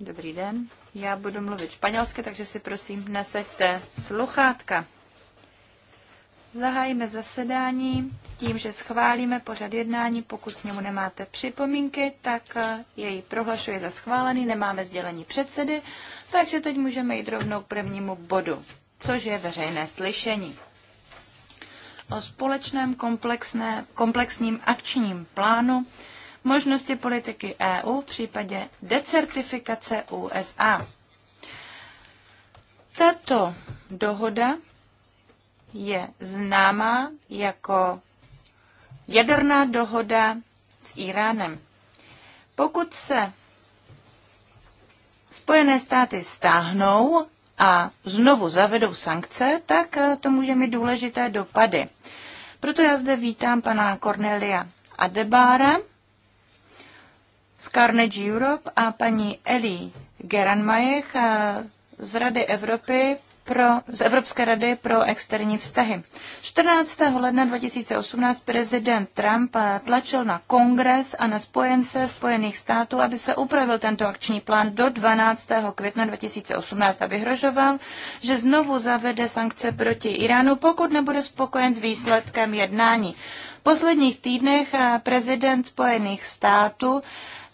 Dobrý den. Já budu mluvit španělsky, takže si prosím neseďte sluchátka. Zahájíme zasedání tím, že schválíme pořad jednání. Pokud k němu nemáte připomínky, tak eh, jej prohlašuji za schválený. Nemáme sdělení předsedy, takže teď můžeme jít rovnou k prvnímu bodu, což je veřejné slyšení o společném komplexné, komplexním akčním plánu možnosti politiky EU v případě decertifikace USA. Tato dohoda je známá jako jaderná dohoda s Iránem. Pokud se Spojené státy stáhnou a znovu zavedou sankce, tak eh, to může mít důležité dopady. Proto já zde vítám pana Cornelia Adebára z Carnegie Europe a paní Eli Geranmajech eh, z Rady Evropy pro, z Evropské rady pro externí vztahy. 14. ledna 2018 prezident Trump eh, tlačil na kongres a na spojence Spojených států, aby se upravil tento akční plán do 12. května 2018 a vyhrožoval, že znovu zavede sankce proti Iránu, pokud nebude spokojen s výsledkem jednání. V posledních týdnech eh, prezident Spojených států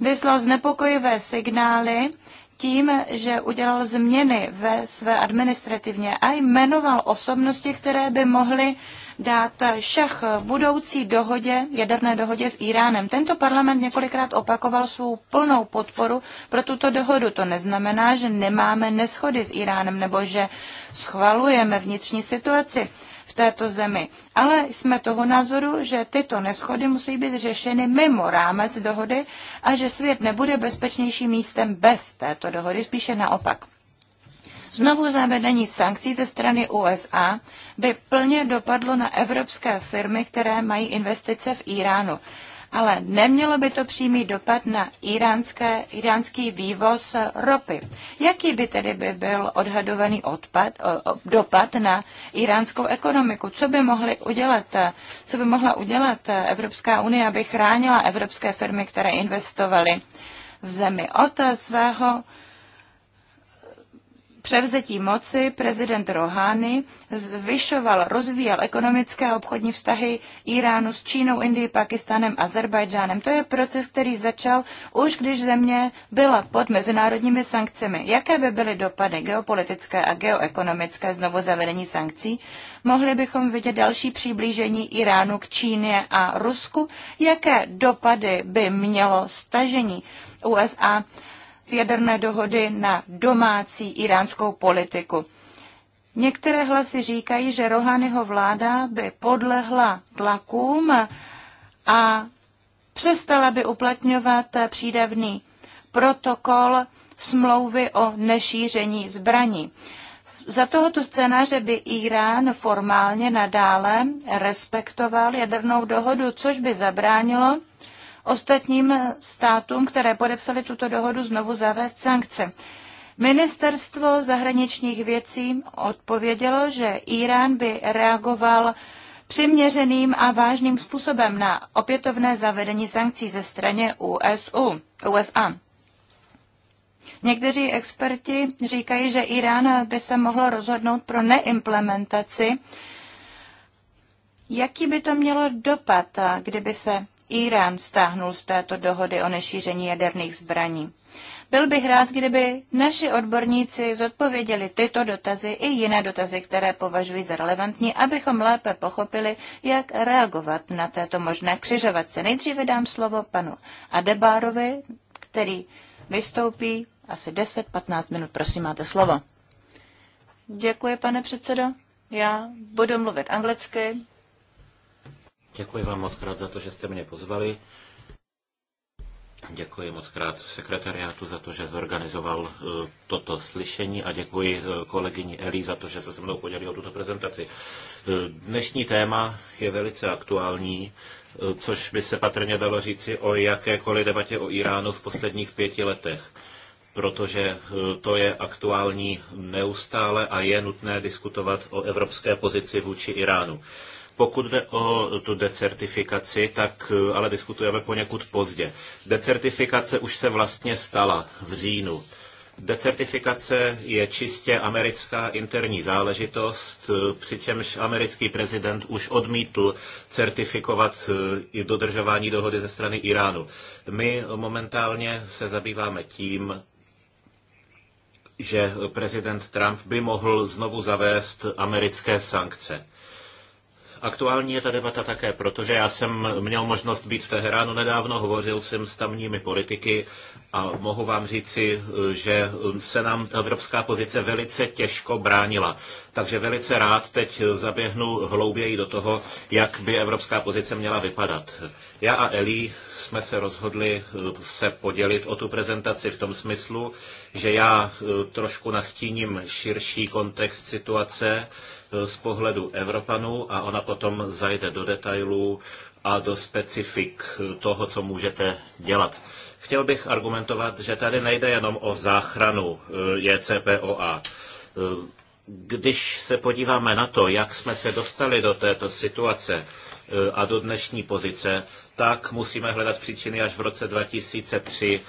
vyslal znepokojivé signály, tím, že udělal změny ve své administrativně a jmenoval osobnosti, které by mohly dát šach budoucí dohodě, jaderné dohodě s Iránem. Tento parlament několikrát opakoval svou plnou podporu pro tuto dohodu. To neznamená, že nemáme neschody s Iránem nebo že schvalujeme vnitřní situaci této zemi. Ale jsme toho názoru, že tyto neschody musí být řešeny mimo rámec dohody a že svět nebude bezpečnějším místem bez této dohody, spíše naopak. Znovu zavedení sankcí ze strany USA by plně dopadlo na evropské firmy, které mají investice v Iránu ale nemělo by to přímý dopad na iránské, iránský vývoz ropy. Jaký by tedy by byl odhadovaný odpad, dopad na iránskou ekonomiku? Co by, mohly udělat, co by mohla udělat Evropská unie, aby chránila evropské firmy, které investovaly v zemi od svého převzetí moci prezident Rohani zvyšoval, rozvíjel ekonomické a obchodní vztahy Iránu s Čínou, Indií, Pakistanem, Azerbajdžánem. To je proces, který začal už když země byla pod mezinárodními sankcemi. Jaké by byly dopady geopolitické a geoekonomické znovu zavedení sankcí? Mohli bychom vidět další přiblížení Iránu k Číně a Rusku? Jaké dopady by mělo stažení USA z jaderné dohody na domácí iránskou politiku. Některé hlasy říkají, že Rohanyho vláda by podlehla tlakům a přestala by uplatňovat přídavný protokol smlouvy o nešíření zbraní. Za tohoto scénáře by Irán formálně nadále respektoval jadernou dohodu, což by zabránilo ostatním státům, které podepsali tuto dohodu, znovu zavést sankce. Ministerstvo zahraničních věcí odpovědělo, že Irán by reagoval přiměřeným a vážným způsobem na opětovné zavedení sankcí ze strany USU, USA. Někteří experti říkají, že Irán by se mohlo rozhodnout pro neimplementaci. Jaký by to mělo dopad, kdyby se Irán stáhnul z této dohody o nešíření jaderných zbraní. Byl bych rád, kdyby naši odborníci zodpověděli tyto dotazy i jiné dotazy, které považuji za relevantní, abychom lépe pochopili, jak reagovat na této možné křižovatce. Nejdříve dám slovo panu Adebárovi, který vystoupí asi 10-15 minut. Prosím, máte slovo. Děkuji, pane předsedo. Já budu mluvit anglicky, Děkuji vám moc krát za to, že jste mě pozvali. Děkuji moc krát sekretariátu za to, že zorganizoval e, toto slyšení a děkuji e, kolegyni Eli za to, že se se mnou podělil o tuto prezentaci. E, dnešní téma je velice aktuální, což by se patrně dalo říci o jakékoliv debatě o Iránu v posledních pěti letech protože to je aktuální neustále a je nutné diskutovat o evropské pozici vůči Iránu. Pokud jde o tu decertifikaci, tak eh, ale diskutujeme poněkud pozdě. Decertifikace už se vlastně stala v říjnu. Decertifikace je čistě americká interní záležitost, eh, přičemž americký prezident už odmítl certifikovat eh, i dodržování dohody ze strany Iránu. My momentálně se zabýváme tím, že prezident Trump by mohl znovu zavést americké sankce. Aktuální je ta debata také, protože já jsem měl možnost být v Teheránu nedávno, hovořil jsem s tamními politiky a mohu vám říci, že se nám ta evropská pozice velice těžko bránila. Takže velice rád teď zaběhnu hlouběji do toho, jak by evropská pozice měla vypadat. Já a Eli jsme se rozhodli eh, se podělit o tu prezentaci v tom smyslu, že já eh, trošku nastíním širší kontext situace, z pohledu Evropanů a ona potom zajde do detailů a do specifik toho, co můžete dělat. Chtěl bych argumentovat, že tady nejde jenom o záchranu eh, JCPOA. Eh, když se podíváme na to, jak jsme se dostali do této situace eh, a do dnešní pozice, tak musíme hledat příčiny až v roce 2003,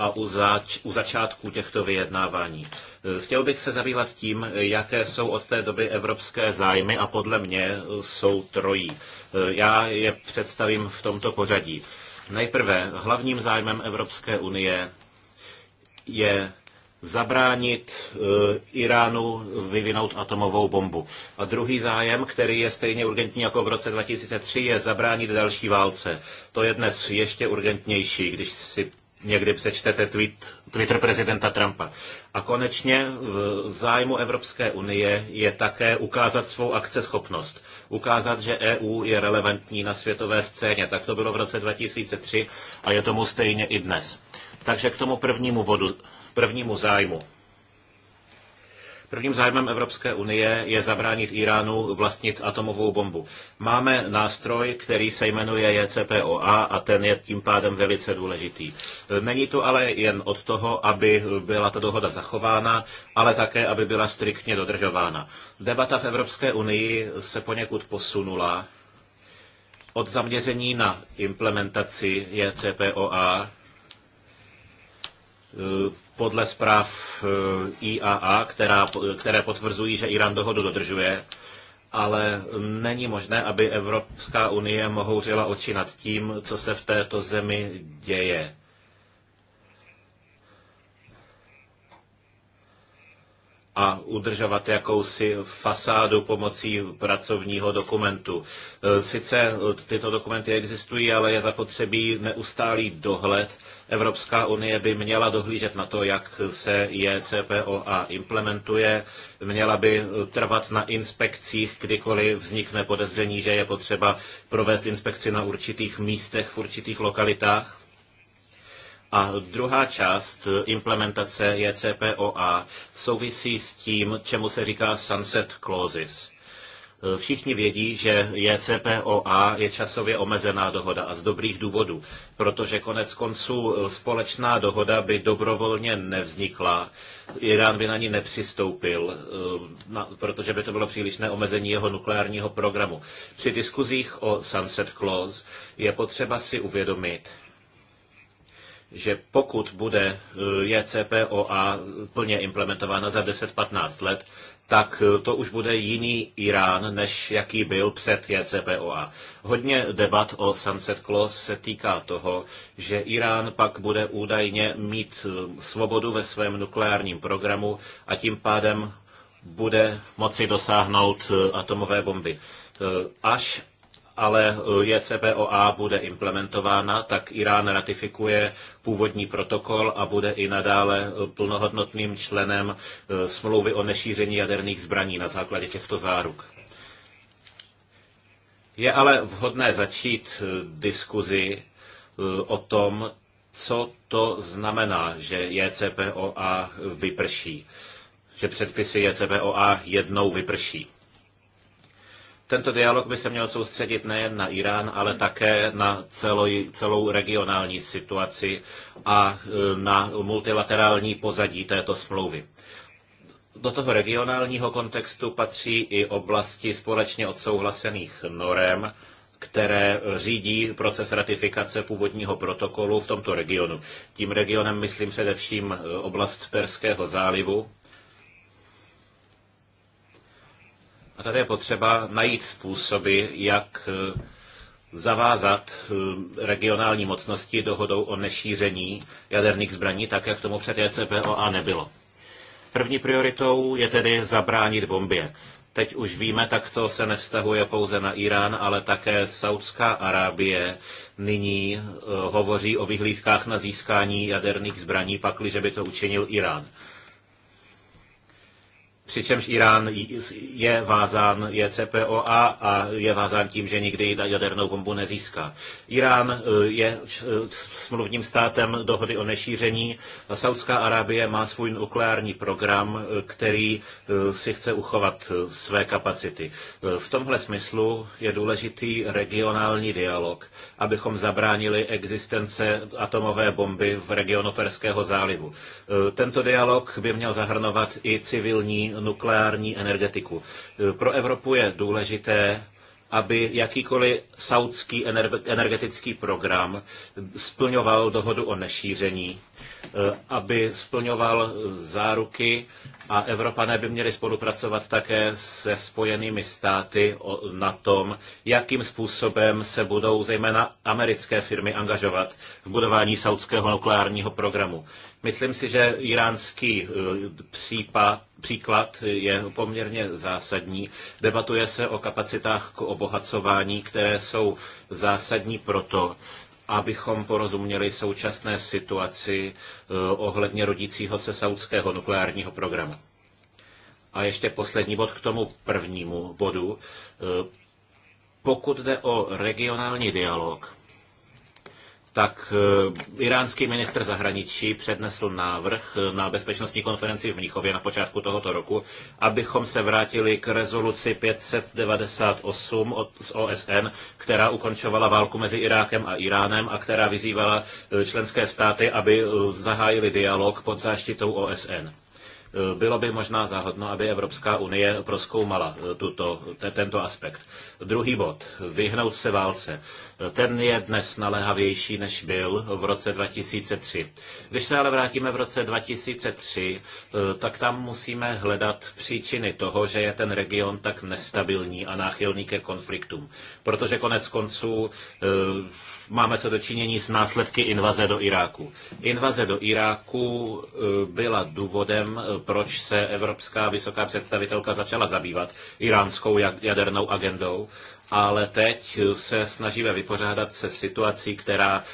a u, zač- u začátku těchto vyjednávání. Eh, chtěl bych se zabývat tím, jaké jsou od té doby evropské zájmy a podle mě eh, jsou trojí. Eh, já je představím v tomto pořadí. Nejprve hlavním zájmem Evropské unie je zabránit Iránu vyvinout atomovou bombu. A druhý zájem, který je stejně urgentní jako v roce 2003, je zabránit další válce. To je dnes ještě urgentnější, když si někdy přečtete tweet, Twitter prezidenta Trumpa. A konečně v zájmu Evropské unie je také ukázat svou akceschopnost. Ukázat, že EU je relevantní na světové scéně. Tak to bylo v roce 2003 a je tomu stejně i dnes. Takže k tomu prvnímu bodu, prvnímu zájmu. Prvním zájmem Evropské unie je zabránit Iránu vlastnit atomovou bombu. Máme nástroj, který se jmenuje JCPOA a ten je tím pádem velice důležitý. Není to ale jen od toho, aby byla ta dohoda zachována, ale také, aby byla striktně dodržována. Debata v Evropské unii se poněkud posunula od zaměření na implementaci JCPOA podle zpráv eh, IAA, která, které potvrzují, že Irán dohodu dodržuje, ale není možné, aby Evropská unie mohouřila oči nad tím, co se v této zemi děje. a udržovat jakousi fasádu pomocí pracovního dokumentu. E, sice e, tyto dokumenty existují, ale je zapotřebí neustálý dohled. Evropská unie by měla dohlížet na to, jak se JCPOA e implementuje, měla by trvat na inspekcích, kdykoliv vznikne podezření, že je potřeba provést inspekci na určitých místech, v určitých lokalitách a druhá část eh, implementace JCPOA e souvisí s tím, čemu se říká sunset clauses. Eh, všichni vědí, že JCPOA e je časově omezená dohoda a z dobrých důvodů, protože konec konců eh, společná dohoda by dobrovolně nevznikla. Irán by na ní nepřistoupil, protože by to bylo přílišné omezení jeho nukleárního programu. Při diskuzích o Sunset Clause je potřeba si uvědomit, že pokud bude eh, JCPOA plně implementována za 10-15 let, tak eh, to už bude jiný Irán, než jaký byl před JCPOA. Hodně debat o Sunset Clause se týká toho, že Irán pak bude údajně mít eh, svobodu ve svém nukleárním programu a tím pádem bude moci dosáhnout atomové bomby. Až ale eh, JCPOA bude implementována, tak Irán ratifikuje původní protokol a bude i nadále eh, plnohodnotným členem eh, smlouvy o nešíření jaderných zbraní na základě těchto záruk. Je ale vhodné začít diskuzi o tom, co to znamená, že JCPOA vyprší, že předpisy JCPOA jednou vyprší. Tento dialog by se měl soustředit nejen na Irán, ale také na celou, celou regionální situaci a e, na multilaterální pozadí této smlouvy. Do toho regionálního kontextu patří i oblasti společně odsouhlasených norem, které e, řídí proces ratifikace původního protokolu v tomto regionu. Tím regionem myslím především e, oblast Perského zálivu, A tady je potřeba najít způsoby, jak eh, zavázat eh, regionální mocnosti dohodou o nešíření jaderných zbraní, tak jak tomu před JCPOA e nebylo. První prioritou je tedy zabránit bombě. Teď už víme, tak to se nevztahuje pouze na Irán, ale také Saudská Arábie nyní eh, hovoří o vyhlídkách na získání jaderných zbraní, pakliže by to učinil Irán přičemž Irán je vázán JCPOA a je vázán tím, že nikdy jadernou bombu nezíská. Irán eh, je eh, smluvním státem dohody o nešíření. Saudská Arábie má svůj nukleární program, eh, který si chce uchovat své kapacity. V tomhle smyslu je důležitý regionální dialog, abychom zabránili existence atomové bomby v regionu Perského zálivu. Tento dialog by měl zahrnovat i civilní nukleární energetiku. E, pro Evropu je důležité, aby jakýkoliv saudský energetický program splňoval dohodu o nešíření, e, aby splňoval záruky a Evropané by měli spolupracovat také se spojenými státy na tom, jakým způsobem se budou zejména americké firmy angažovat v budování saudského nukleárního programu. Myslím si, že iránský e, případ příklad je poměrně zásadní. Debatuje se o kapacitách k obohacování, které jsou zásadní proto, abychom porozuměli současné situaci eh, ohledně rodícího se saudského nukleárního programu. A ještě poslední bod k tomu prvnímu bodu. Eh, pokud jde o regionální dialog, tak eh, iránský ministr zahraničí přednesl návrh eh, na bezpečnostní konferenci v Mnichově na počátku tohoto roku, abychom se vrátili k rezoluci 598 z OSN, která ukončovala válku mezi Irákem a Iránem a která vyzývala eh, členské státy, aby zahájili dialog pod záštitou OSN. Bylo by možná záhodno, aby Evropská unie proskoumala tuto, tento aspekt. Druhý bod. Vyhnout se válce. Ten je dnes naléhavější, než byl v roce 2003. Když se ale vrátíme v roce 2003, eh, tak tam musíme hledat příčiny toho, že je ten region tak nestabilní a náchylný ke konfliktům. Protože konec konců eh, máme co dočinění s následky invaze do Iráku. Invaze do Iráku eh, byla důvodem, proč se evropská vysoká představitelka začala zabývat iránskou jadernou agendou ale teď se snažíme vypořádat se situací, která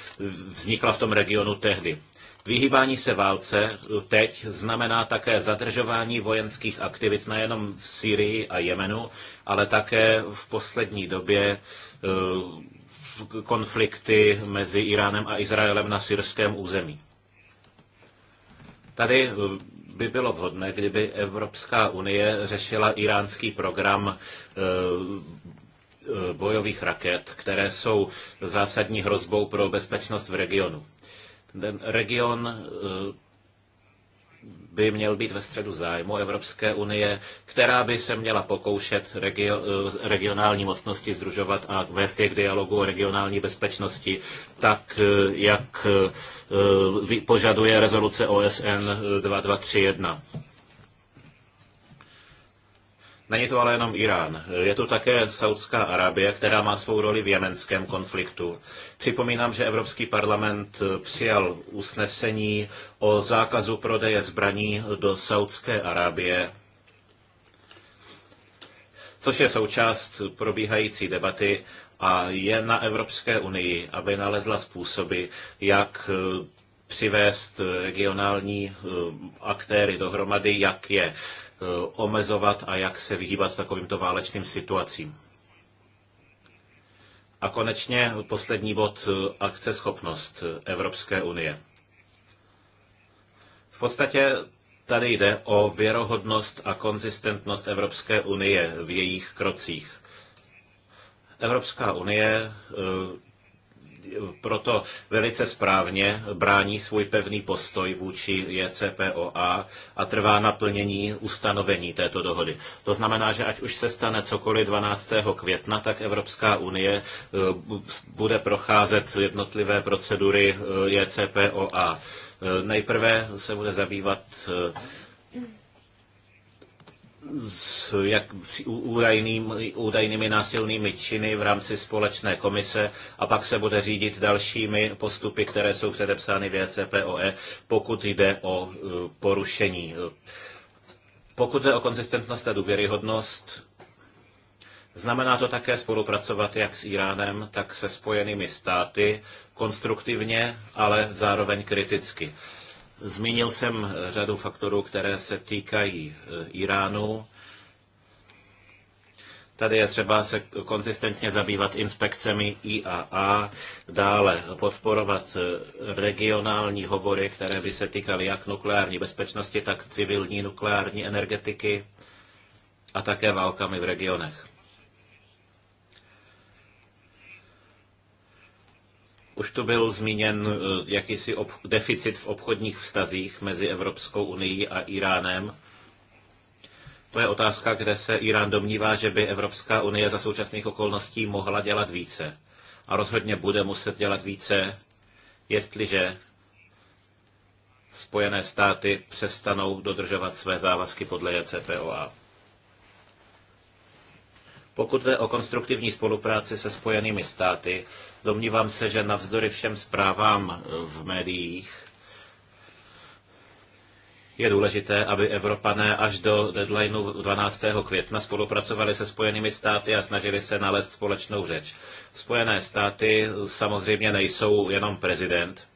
vznikla v tom regionu tehdy. Vyhýbání se válce teď znamená také zadržování vojenských aktivit nejenom v Sýrii a Jemenu, ale také v poslední době eh, konflikty mezi Iránem a Izraelem na syrském území. Tady eh, by bylo vhodné, kdyby Evropská unie řešila iránský program eh, Eh, bojových raket, které jsou zásadní hrozbou pro bezpečnost v regionu. Ten region eh, by měl být ve středu zájmu Evropské unie, která by se měla pokoušet regio, eh, regionální mocnosti združovat a vést je k dialogu o regionální bezpečnosti, tak jak požaduje rezoluce OSN 2231. Není to ale jenom Irán. Je tu také Saudská Arábie, která má svou roli v jemenském konfliktu. Připomínám, že Evropský parlament přijal usnesení o zákazu prodeje zbraní do Saudské Arábie, což je součást probíhající debaty a je na Evropské unii, aby nalezla způsoby, jak přivést regionální eh, aktéry dohromady, jak je Eh, omezovat a jak se vyhýbat takovýmto válečným situacím. A konečně poslední bod eh, akceschopnost eh, Evropské unie. V podstatě tady jde o věrohodnost a konzistentnost Evropské unie v jejich krocích. Evropská unie proto velice správně brání svůj pevný postoj vůči JCPOA a trvá na plnění ustanovení této dohody. To znamená, že ať už se stane cokoliv 12. května, tak Evropská unie e, bude procházet jednotlivé procedury e, JCPOA. E, nejprve se bude zabývat s jak, údajnými údajnými násilnými činy v rámci společné komise a pak se bude řídit dalšími postupy, které jsou předepsány v ECPOE, pokud jde o e, porušení. Pokud jde o konzistentnost a důvěryhodnost, Znamená to také spolupracovat jak s Iránem, tak se spojenými státy, konstruktivně, ale zároveň kriticky. Zmínil jsem řadu faktorů, které se týkají e, Iránu. Tady je třeba se konzistentně zabývat inspekcemi IAA, dále podporovat e, regionální hovory, které by se týkaly jak nukleární bezpečnosti, tak civilní nukleární energetiky a také válkami v regionech. Už tu byl zmíněn eh, jakýsi deficit v obchodních vztazích mezi Evropskou unii a Iránem. To je otázka, kde se Irán domnívá, že by Evropská unie za současných okolností mohla dělat více. A rozhodně bude muset dělat více, jestliže Spojené státy přestanou dodržovat své závazky podle JCPOA. Pokud jde o konstruktivní spolupráci se Spojenými státy, Domnívám se, že navzdory všem zprávám eh, v médiích je důležité, aby Evropané až do deadlineu 12. května spolupracovali se Spojenými státy a snažili se nalézt společnou řeč. Spojené státy samozřejmě nejsou jenom prezident,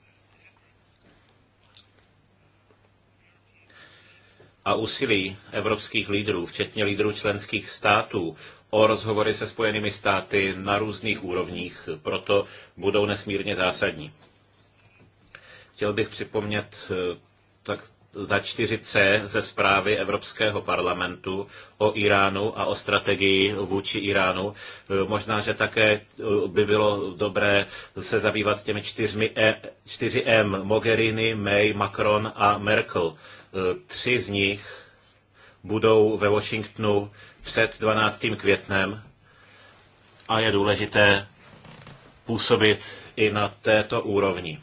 a úsilí evropských lídrů, včetně lídrů členských států, o rozhovory se Spojenými státy na různých úrovních, proto budou nesmírně zásadní. Chtěl bych připomnět eh, tak za 4C ze zprávy Evropského parlamentu o Iránu a o strategii vůči Iránu. Eh, možná, že také eh, by bylo dobré se zabývat těmi čtyřmi e, 4M Mogherini, May, Macron a Merkel. Tři z nich budou ve Washingtonu před 12. květnem a je důležité působit i na této úrovni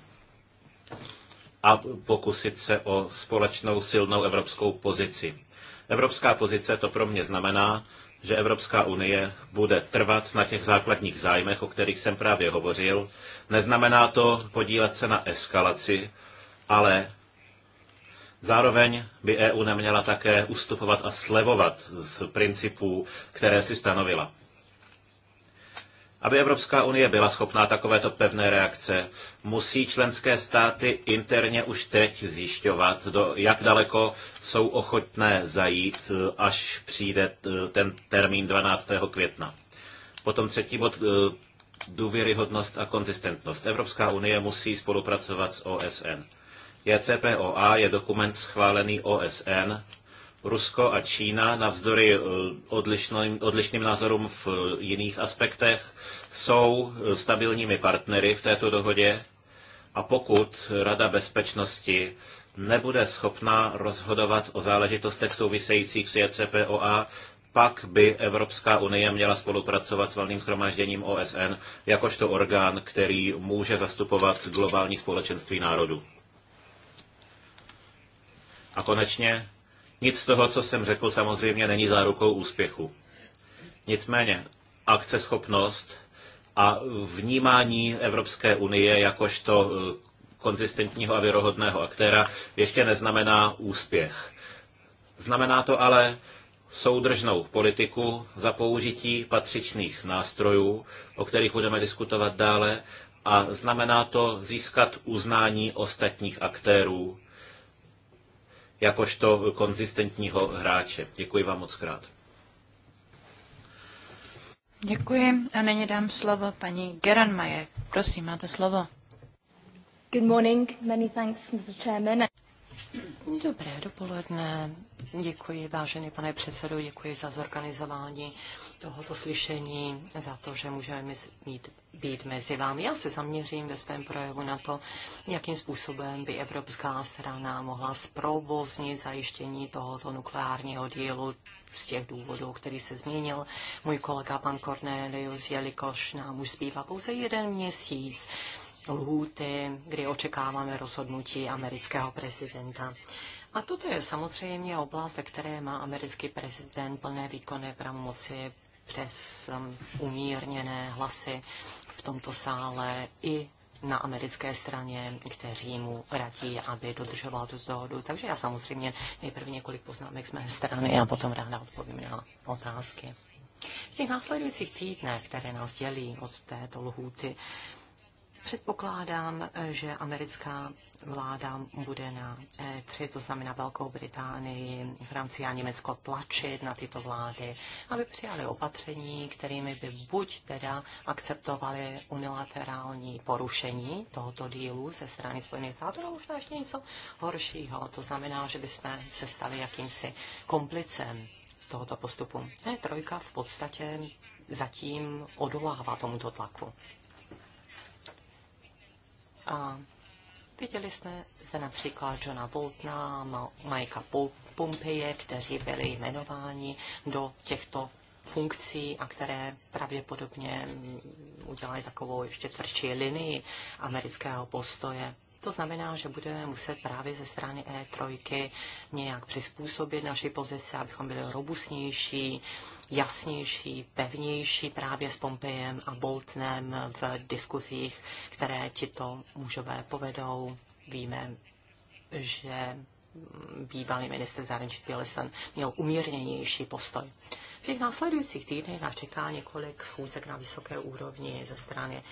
a pokusit se o společnou silnou evropskou pozici. Evropská pozice to pro mě znamená, že Evropská unie bude trvat na těch základních zájmech, o kterých jsem právě hovořil. Neznamená to podílet se na eskalaci, ale Zároveň by EU neměla také ustupovat a slevovat z principů, které si stanovila. Aby Evropská unie byla schopná takovéto pevné reakce, musí členské státy interně už teď zjišťovat, do, jak daleko jsou ochotné zajít, až přijde eh, ten termín 12. května. Potom třetí bod, eh, důvěryhodnost a konzistentnost. Evropská unie musí spolupracovat s OSN. JCPOA je dokument schválený OSN. Rusko a Čína navzdory eh, odlišným, odlišným názorům v jiných aspektech jsou eh, stabilními partnery v této dohodě a pokud Rada bezpečnosti nebude schopna rozhodovat o záležitostech souvisejících s JCPOA, pak by Evropská unie měla spolupracovat s valným schromážděním OSN jakožto orgán, který může zastupovat globální společenství národů. A konečně, nic z toho, co jsem řekl, samozřejmě není zárukou úspěchu. Nicméně, akceschopnost a vnímání Evropské unie jakožto eh, konzistentního a věrohodného aktéra ještě neznamená úspěch. Znamená to ale soudržnou politiku za použití patřičných nástrojů, o kterých budeme diskutovat dále, a znamená to získat uznání ostatních aktérů jakožto konzistentního hráče. Děkuji vám moc krát. Děkuji a nyní dám slovo paní Geranmaje. Prosím, máte slovo. Good morning. Many thanks, Mr. Chairman. Dobré dopoledne. Děkuji, vážený pane předsedo, děkuji za zorganizování tohoto slyšení, za to, že můžeme mít, být mezi vámi. Já se zaměřím ve svém projevu na to, jakým způsobem by Evropská strana mohla zprovoznit zajištění tohoto nukleárního dílu z těch důvodů, který se změnil můj kolega pan Cornelius, jelikož nám už zbývá pouze jeden měsíc lhůty, kdy očekáváme rozhodnutí amerického prezidenta. A toto je samozřejmě oblast, ve které má americký prezident plné výkonné pravomoci přes um, umírněné hlasy v tomto sále i na americké straně, kteří mu radí, aby dodržoval tu dohodu. Takže já samozřejmě nejprve několik poznámek z mé strany a potom ráda odpovím na otázky. V těch následujících týdnech, které nás dělí od této lhůty, Předpokládám, že americká vláda bude na E3, to znamená Velkou Británii, Francii a Německo tlačit na tyto vlády, aby přijali opatření, kterými by buď teda akceptovali unilaterální porušení tohoto dílu ze strany Spojených států, nebo možná ještě něco horšího. To znamená, že bychom se stali jakýmsi komplicem tohoto postupu. E3 v podstatě zatím odolává tomuto tlaku. A viděli jsme zde například Johna Boltna, Majka Pompeje, kteří byli jmenováni do těchto funkcí a které pravděpodobně mm, udělají takovou ještě tvrdší linii amerického postoje. To znamená, že budeme muset právě ze strany E3 nějak přizpůsobit naši pozici, abychom byli robustnější, jasnější, pevnější právě s Pompejem a Boltnem v diskuzích, které tito mužové povedou. Víme, že bývalý minister zahraničí Tillerson měl umírněnější postoj. V těch následujících týdnech nás čeká několik schůzek na vysoké úrovni ze strany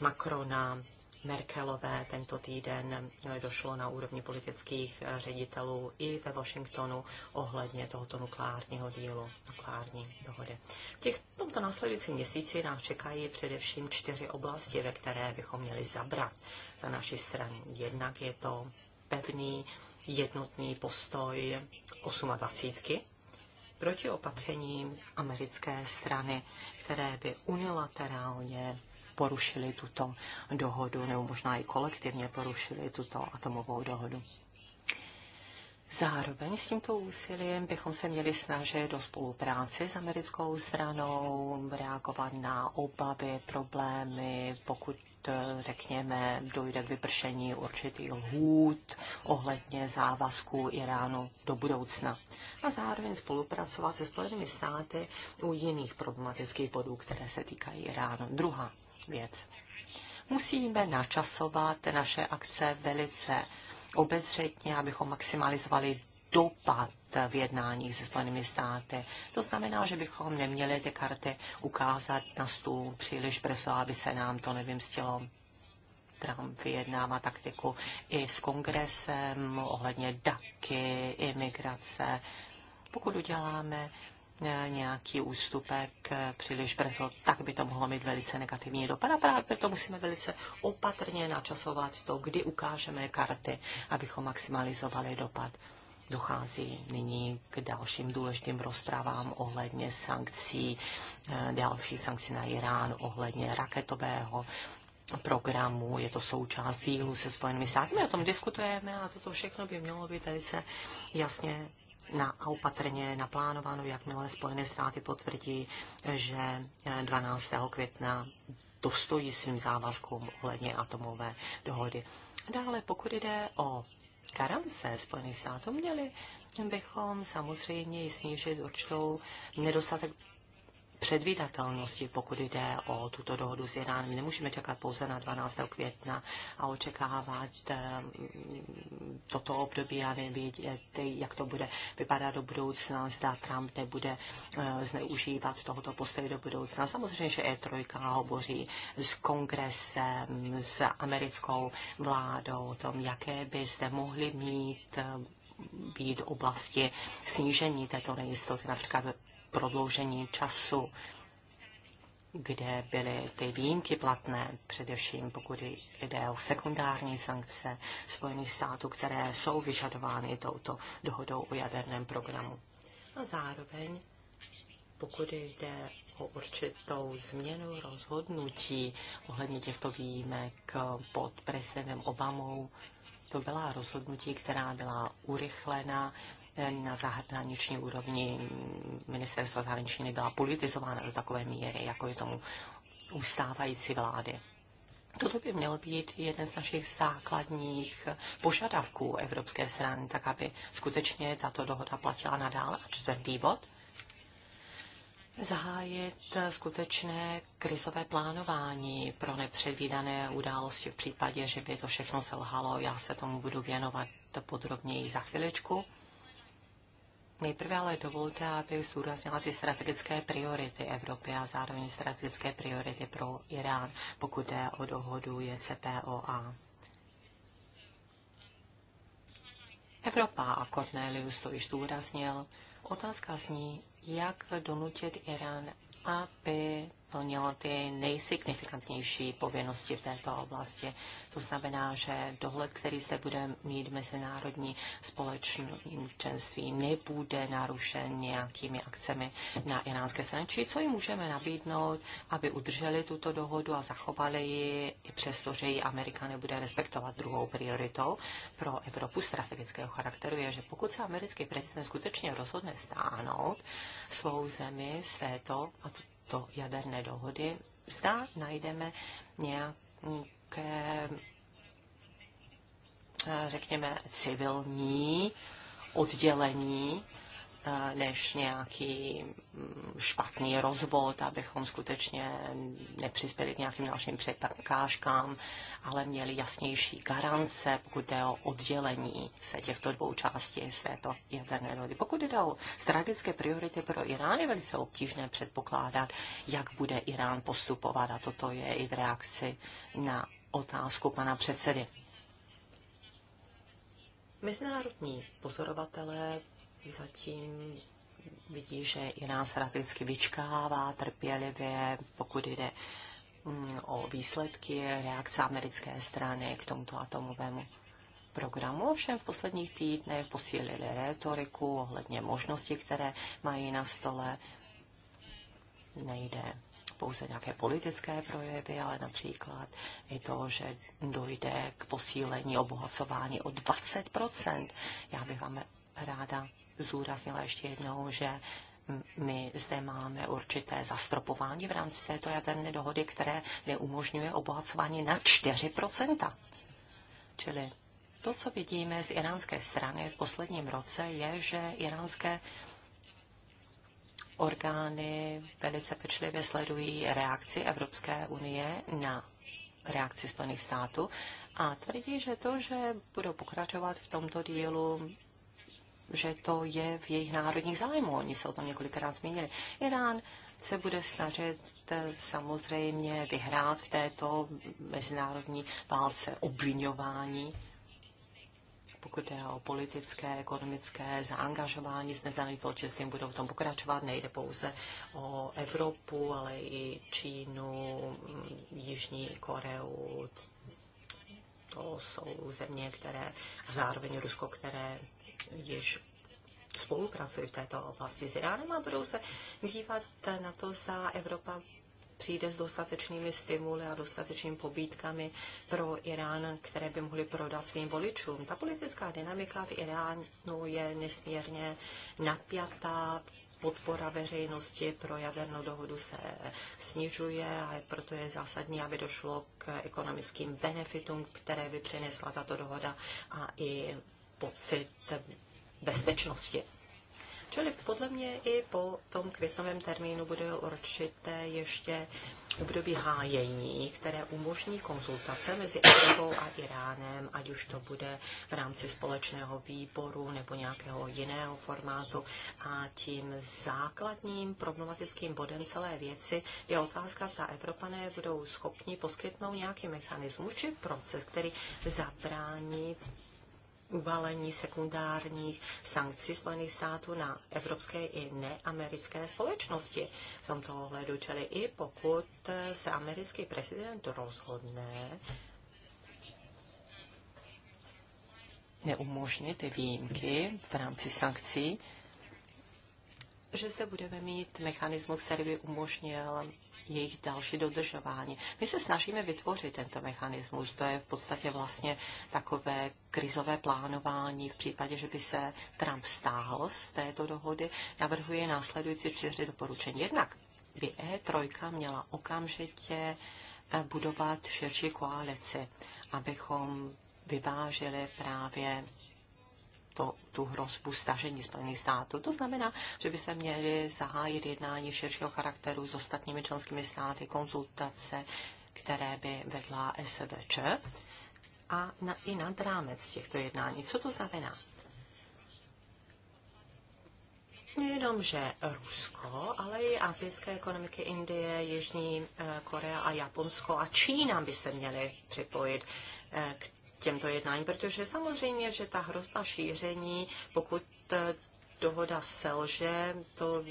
Macrona, Merkelové tento týden došlo na úrovni politických eh, ředitelů i ve Washingtonu ohledně tohoto nukleárního dílu, nukleární dohody. V těch, tomto následujícím měsíci nás čekají především čtyři oblasti, ve které bychom měli zabrat za naši stranu. Jednak je to pevný jednotný postoj 28 proti opatřením americké strany, které by unilaterálně porušili tuto dohodu, nebo možná i kolektivně porušili tuto atomovou dohodu. Zároveň s tímto úsilím bychom se měli snažit do spolupráce s americkou stranou, reagovat na obavy, problémy, pokud, řekněme, dojde k vypršení určitých hůd ohledně závazků Iránu do budoucna. A zároveň spolupracovat se Spojenými státy u jiných problematických bodů, které se týkají Iránu. Druhá věc. Musíme načasovat naše akce velice obezřetně, abychom maximalizovali dopad v jednání se Spojenými státy. To znamená, že bychom neměli ty karty ukázat na stůl příliš brzo, aby se nám to nevymstilo. Trump vyjednává taktiku i s kongresem ohledně DAKy, imigrace. Pokud uděláme E, nějaký ústupek e, příliš brzo, tak by to mohlo mít velice negativní dopad. A právě proto musíme velice opatrně načasovat to, kdy ukážeme karty, abychom maximalizovali dopad. Dochází nyní k dalším důležitým rozprávám ohledně sankcí, e, další sankcí na Irán, ohledně raketového programu, je to součást dílu se Spojenými státy. My o tom diskutujeme a toto všechno by mělo být velice jasně na, a opatrně naplánováno, jakmile Spojené státy potvrdí, že 12. Eh, května dostojí svým závazkům ohledně atomové dohody. Dále, pokud jde o garance Spojených států, měli bychom samozřejmě snížit určitou nedostatek předvídatelnosti, pokud jde o tuto dohodu s Iránem. Nemůžeme čekat pouze na 12. května a očekávat eh, toto období a nevědět, eh, jak to bude vypadat do budoucna, zda Trump nebude eh, zneužívat tohoto postoje do budoucna. Samozřejmě, že E3 hovoří s kongresem, s americkou vládou o tom, jaké by zde mohly mít být oblasti snížení této nejistoty, například prodloužení času, kde byly ty výjimky platné, především pokud jde o sekundární sankce Spojených států, které jsou vyžadovány touto dohodou o jaderném programu. A zároveň, pokud jde o určitou změnu rozhodnutí ohledně těchto výjimek pod prezidentem Obamou, to byla rozhodnutí, která byla urychlena na zahraniční úrovni ministerstva zahraniční nebyla politizována do takové míry, jako je tomu ustávající vlády. Toto by mělo být jeden z našich základních požadavků evropské strany, tak aby skutečně tato dohoda platila nadále. A čtvrtý bod, zahájit skutečné krizové plánování pro nepředvídané události v případě, že by to všechno selhalo. Já se tomu budu věnovat podrobněji za chviličku. Nejprve ale dovolte, abych zúraznila ty strategické priority Evropy a zároveň strategické priority pro Irán, pokud jde o dohodu JCPOA. Evropa a Cornelius to již zdůraznil. Otázka zní, jak donutit Irán, aby splnilo ty nejsignifikantnější povinnosti v této oblasti. To znamená, že dohled, který zde bude mít mezinárodní společenství, nebude narušen nějakými akcemi na iránské straně. Či co jim můžeme nabídnout, aby udrželi tuto dohodu a zachovali ji, i přesto, že ji Amerika nebude respektovat druhou prioritou pro Evropu strategického charakteru, je, že pokud se americký prezident skutečně rozhodne stáhnout svou zemi z této a této jaderné dohody, zda najdeme nějaké, řekněme, civilní oddělení E, než nějaký mm, špatný rozvod, abychom skutečně nepřispěli k nějakým dalším překážkám, ale měli jasnější garance, pokud jde o oddělení se těchto dvou částí z této jaderné dohody. Pokud jde o strategické priority pro Irán, je velice obtížné předpokládat, jak bude Irán postupovat a toto je i v reakci na otázku pana předsedy. Mezinárodní pozorovatelé zatím vidí, že je nás strategicky vyčkává trpělivě, pokud jde mm, o výsledky reakce americké strany k tomuto atomovému programu. Ovšem v posledních týdnech posílili retoriku ohledně možností, které mají na stole. Nejde pouze nějaké politické projevy, ale například i to, že dojde k posílení obohacování o 20 Já bych vám ráda zúraznila ještě jednou, že my zde máme určité zastropování v rámci této jaderné dohody, které neumožňuje obohacování na 4%. Čili to, co vidíme z iránské strany v posledním roce, je, že iránské orgány velice pečlivě sledují reakci Evropské unie na reakci Spojených států a tvrdí, že to, že budou pokračovat v tomto dílu, že to je v jejich národních zájmu. Oni se o tom několikrát zmínili. Irán se bude snažit eh, samozřejmě vyhrát v této mezinárodní válce obvinování pokud jde o politické, ekonomické zaangažování s mezinárodním společenstvím, budou v tom pokračovat. Nejde pouze o Evropu, ale i Čínu, mm, Jižní Koreu. To jsou země, které, a zároveň Rusko, které již spolupracují v této oblasti s Iránem a budou se dívat na to, zda Evropa přijde s dostatečnými stimuly a dostatečnými pobídkami pro Irán, které by mohli prodat svým voličům. Ta politická dynamika v Iránu je nesmírně napjatá, podpora veřejnosti pro jadernou dohodu se snižuje a proto je zásadní, aby došlo k ekonomickým benefitům, které by přinesla tato dohoda a i pocit bezpečnosti. Čili podle mě i po tom květnovém termínu bude určité ještě období hájení, které umožní konzultace mezi Evropou a Iránem, ať už to bude v rámci společného výboru nebo nějakého jiného formátu. A tím základním problematickým bodem celé věci je otázka, zda Evropané budou schopni poskytnout nějaký mechanismus či proces, který zabrání uvalení sekundárních sankcí Spojených států na evropské i neamerické společnosti v tomto ohledu. Čili i pokud se americký prezident rozhodne neumožnit výjimky v rámci sankcí, že se budeme mít mechanismus, který by umožnil jejich další dodržování. My se snažíme vytvořit tento mechanismus, to je v podstatě vlastně takové krizové plánování v případě, že by se Trump stáhl z této dohody, navrhuje následující čtyři doporučení. Jednak by E3 měla okamžitě eh, budovat širší koalici, abychom vyvážili právě to, tu hrozbu stažení Spojených států. To znamená, že by se měli zahájit jednání širšího charakteru s ostatními členskými státy, konzultace, které by vedla SVČ a na, i nad rámec těchto jednání. Co to znamená? Nejenom, že Rusko, ale i azijské ekonomiky Indie, Jižní eh, Korea a Japonsko a Čína by se měly připojit eh, k těmto jednáním, protože samozřejmě, že ta hrozba šíření, pokud eh, dohoda selže, to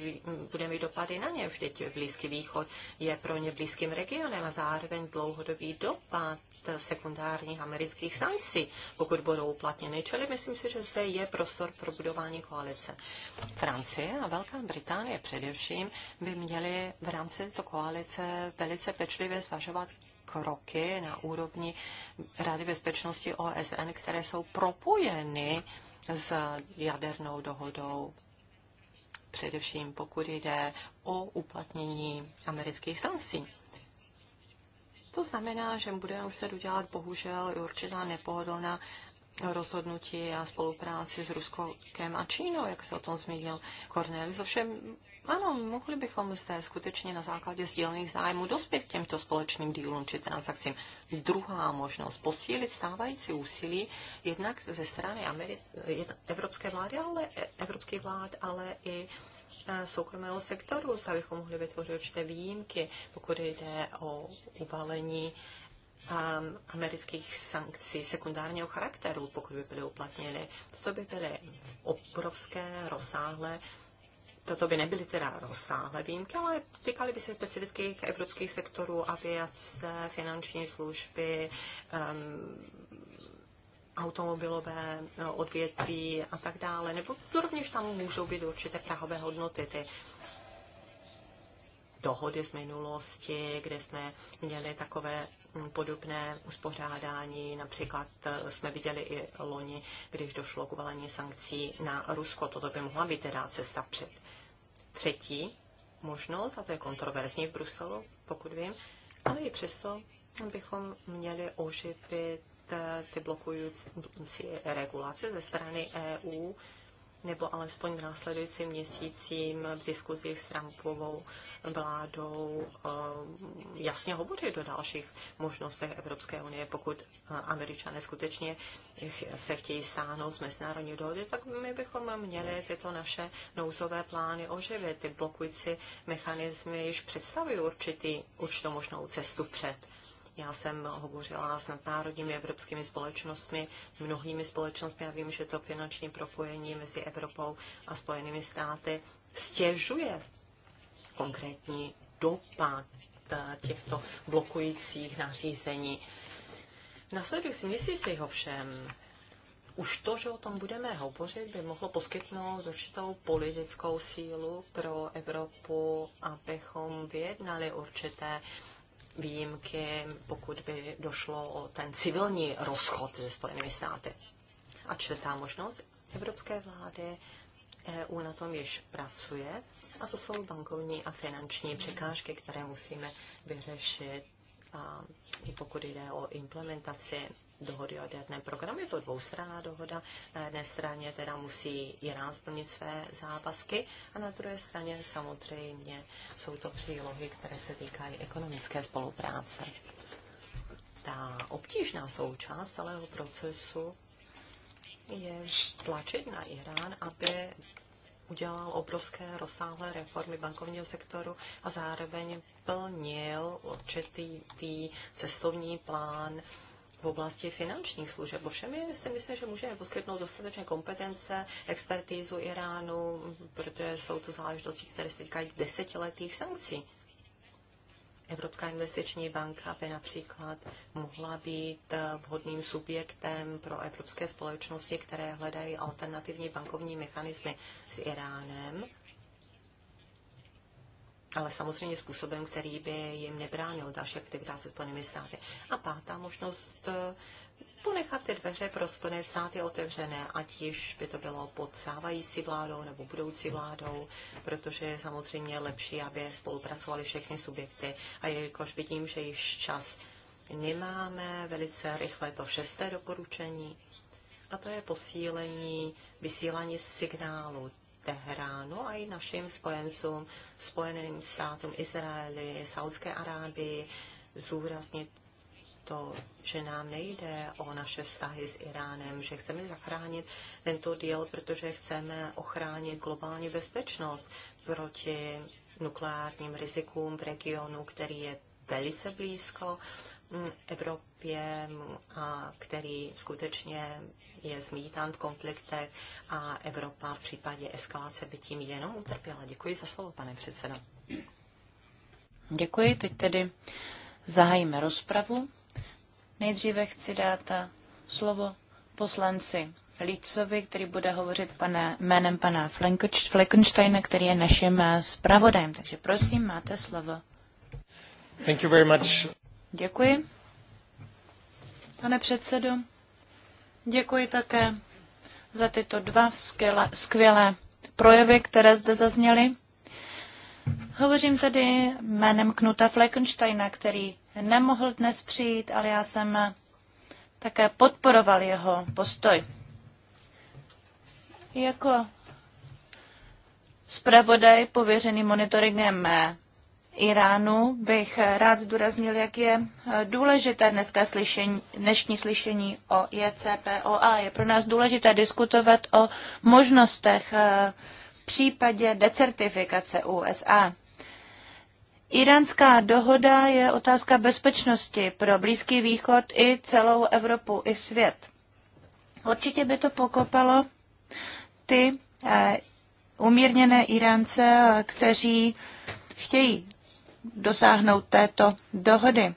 bude mít dopady na ně. Vždyť Blízký východ je pro ně blízkým regionem a zároveň dlouhodobý dopad sekundárních amerických sankcí, pokud budou uplatněny. Čili myslím si, že zde je prostor pro budování koalice. Francie a Velká Británie především by měly v rámci této koalice velice pečlivě zvažovat, kroky na úrovni Rady bezpečnosti OSN, které jsou propojeny s jadernou dohodou, především pokud jde o uplatnění amerických sankcí. To znamená, že budeme muset udělat bohužel i určitá nepohodlná rozhodnutí a spolupráci s Ruskou a Čínou, jak se o tom zmínil Cornelius. Ovšem, ano, mohli bychom zde skutečně na základě sdílených zájmů dospět k těmto společným dílům či transakcím. Druhá možnost, posílit stávající úsilí jednak ze strany Ameri- evropské vlády, ale evropský vlád, ale i e, soukromého sektoru, zda bychom mohli vytvořit určité výjimky, pokud jde o uvalení um, amerických sankcí sekundárního charakteru, pokud by byly uplatněny. Toto by byly obrovské, rozsáhlé, toto by nebyly teda rozsáhlé výjimky, ale týkaly by se specifických evropských sektorů, aviace, finanční služby, um, automobilové no, odvětví a tak dále. Nebo rovněž tam můžou být určité prahové hodnoty, ty dohody z minulosti, kde jsme měli takové podobné uspořádání. Například eh, jsme viděli i loni, když došlo k uvalení sankcí na Rusko. Toto by mohla být teda cesta před. Třetí možnost, a to je kontroverzní v Bruselu, pokud vím, ale i přesto bychom měli oživit eh, ty blokující regulace ze strany EU nebo alespoň v následujícím měsícím v diskuzích s Trumpovou vládou eh, jasně hovořit o dalších možnostech Evropské unie, pokud eh, američané skutečně se chtějí stáhnout z mezinárodní dohody, tak my bychom měli tyto naše nouzové plány oživit. Ty blokující mechanismy již představují určitý, určitou možnou cestu před. Já jsem hovořila s nadnárodními evropskými společnostmi, mnohými společnostmi a vím, že to finanční propojení mezi Evropou a Spojenými státy stěžuje konkrétní dopad eh, těchto blokujících nařízení. V následujících měsících ovšem už to, že o tom budeme hovořit, by mohlo poskytnout určitou politickou sílu pro Evropu, abychom vyjednali určité uh, výjimky, pokud by došlo o ten civilní rozchod se Spojenými státy. A čtvrtá možnost evropské vlády EU na tom již pracuje a to jsou bankovní a finanční překážky, které musíme vyřešit a i pokud jde o implementaci dohody o jaderném programu, je to dvoustranná dohoda. Na jedné straně teda musí Irán splnit své závazky a na druhé straně samozřejmě jsou to přílohy, které se týkají ekonomické spolupráce. Ta obtížná součást celého procesu je tlačit na Irán, aby udělal obrovské rozsáhlé reformy bankovního sektoru a zároveň plnil určitý tý cestovní plán v oblasti finančních služeb. Ovšem si myslím, že můžeme poskytnout dostatečné kompetence, expertízu Iránu, protože jsou to záležitosti, které se týkají desetiletých sankcí. Evropská investiční banka by například mohla být eh, vhodným subjektem pro evropské společnosti, které hledají alternativní bankovní mechanismy s Iránem, ale samozřejmě způsobem, který by jim nebránil další aktivita se Spojenými státy. A pátá možnost eh, ponechat ty dveře pro Spojené státy otevřené, ať již by to bylo pod sávající vládou nebo budoucí vládou, protože je samozřejmě lepší, aby spolupracovali všechny subjekty. A jelikož vidím, že již čas nemáme, velice rychle to šesté doporučení, a to je posílení vysílání signálu Tehránu a i našim spojencům, Spojeným státům Izraeli, Saudské Arábii, zúraznit to, že nám nejde o naše vztahy s Iránem, že chceme zachránit tento díl, protože chceme ochránit globální bezpečnost proti nukleárním rizikům v regionu, který je velice blízko mm, Evropě a který skutečně je zmítán v konfliktech a Evropa v případě eskalace by tím jenom utrpěla. Děkuji za slovo, pane předsedo. Děkuji. Teď tedy zahajíme rozpravu. Nejdříve chci dát eh, slovo poslanci Lícovi, který bude hovořit pana, jménem pana Flekensteina, který je naším eh, zpravodajem. Takže prosím, máte slovo. Thank you very much. Děkuji. Pane předsedo, děkuji také za tyto dva skvělé, skvělé projevy, které zde zazněly. Hovořím tedy jménem Knuta Fleckensteina, který nemohl dnes přijít, ale já jsem také podporoval jeho postoj. Jako zpravodaj pověřený monitoringem Iránu bych rád zdůraznil, jak je důležité dneska slyšení, dnešní slyšení o JCPOA. E je pro nás důležité diskutovat o možnostech v případě decertifikace USA. Iránská dohoda je otázka bezpečnosti pro Blízký východ i celou Evropu, i svět. Určitě by to pokopalo ty eh, umírněné Iránce, kteří chtějí dosáhnout této dohody.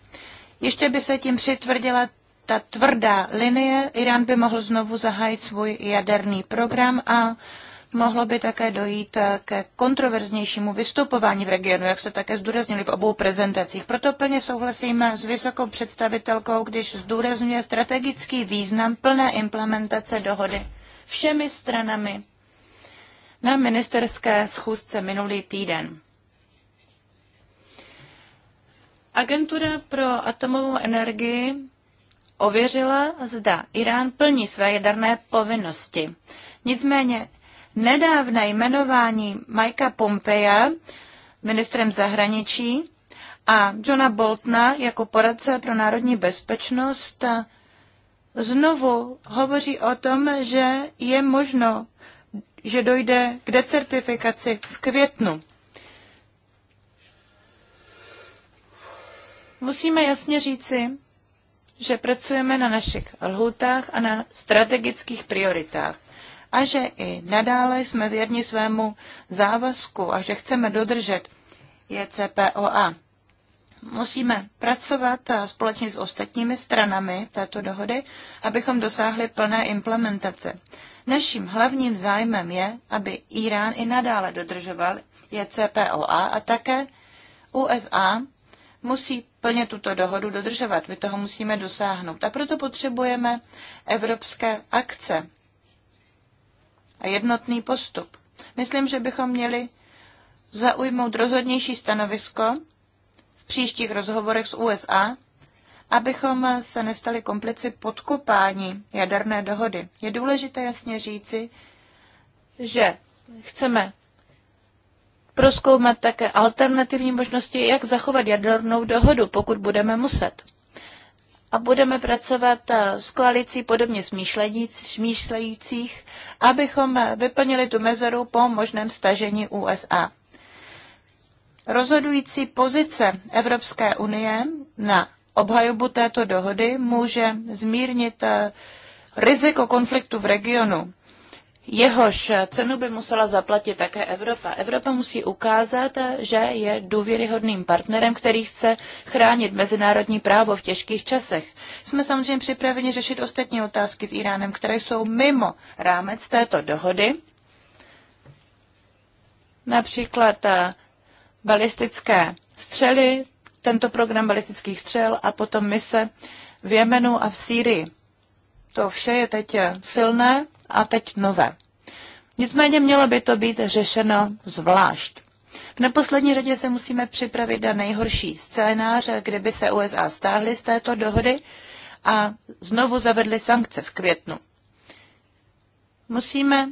Ještě by se tím přitvrdila ta tvrdá linie. Irán by mohl znovu zahájit svůj jaderný program a mohlo by také dojít eh, ke kontroverznějšímu vystupování v regionu, jak se také zdůraznili v obou prezentacích. Proto plně souhlasím s vysokou představitelkou, když zdůrazňuje strategický význam plné implementace dohody všemi stranami na ministerské schůzce minulý týden. Agentura pro atomovou energii ověřila, zda Irán plní své jaderné povinnosti. Nicméně nedávné jmenování Mikea Pompeja ministrem zahraničí a Johna Boltna jako poradce pro národní bezpečnost znovu hovoří o tom, že je možno, že dojde k decertifikaci v květnu. Musíme jasně říci, že pracujeme na našich lhůtách a na strategických prioritách a že i nadále jsme věrni svému závazku a že chceme dodržet JCPOA. Musíme pracovat eh, společně s ostatními stranami této dohody, abychom dosáhli plné implementace. Naším hlavním zájmem je, aby Irán i nadále dodržoval JCPOA a také USA musí plně tuto dohodu dodržovat. My toho musíme dosáhnout. A proto potřebujeme evropské akce a jednotný postup. Myslím, že bychom měli zaujmout rozhodnější stanovisko v příštích rozhovorech s USA, abychom se nestali komplici podkopání jaderné dohody. Je důležité jasně říci, že chceme proskoumat také alternativní možnosti, jak zachovat jadernou dohodu, pokud budeme muset a budeme pracovat eh, s koalicí podobně smýšlejících, abychom eh, vyplnili tu mezeru po možném stažení USA. Rozhodující pozice Evropské unie na obhajobu této dohody může zmírnit eh, riziko konfliktu v regionu jehož cenu by musela zaplatit také Evropa. Evropa musí ukázat, že je důvěryhodným partnerem, který chce chránit mezinárodní právo v těžkých časech. Jsme samozřejmě připraveni řešit ostatní otázky s Iránem, které jsou mimo rámec této dohody, například eh, balistické střely, tento program balistických střel a potom mise v Jemenu a v Sýrii. To vše je teď eh, silné a teď nové. Nicméně mělo by to být řešeno zvlášť. V neposlední řadě se musíme připravit na nejhorší scénář, kdyby se USA stáhly z této dohody a znovu zavedly sankce v květnu. Musíme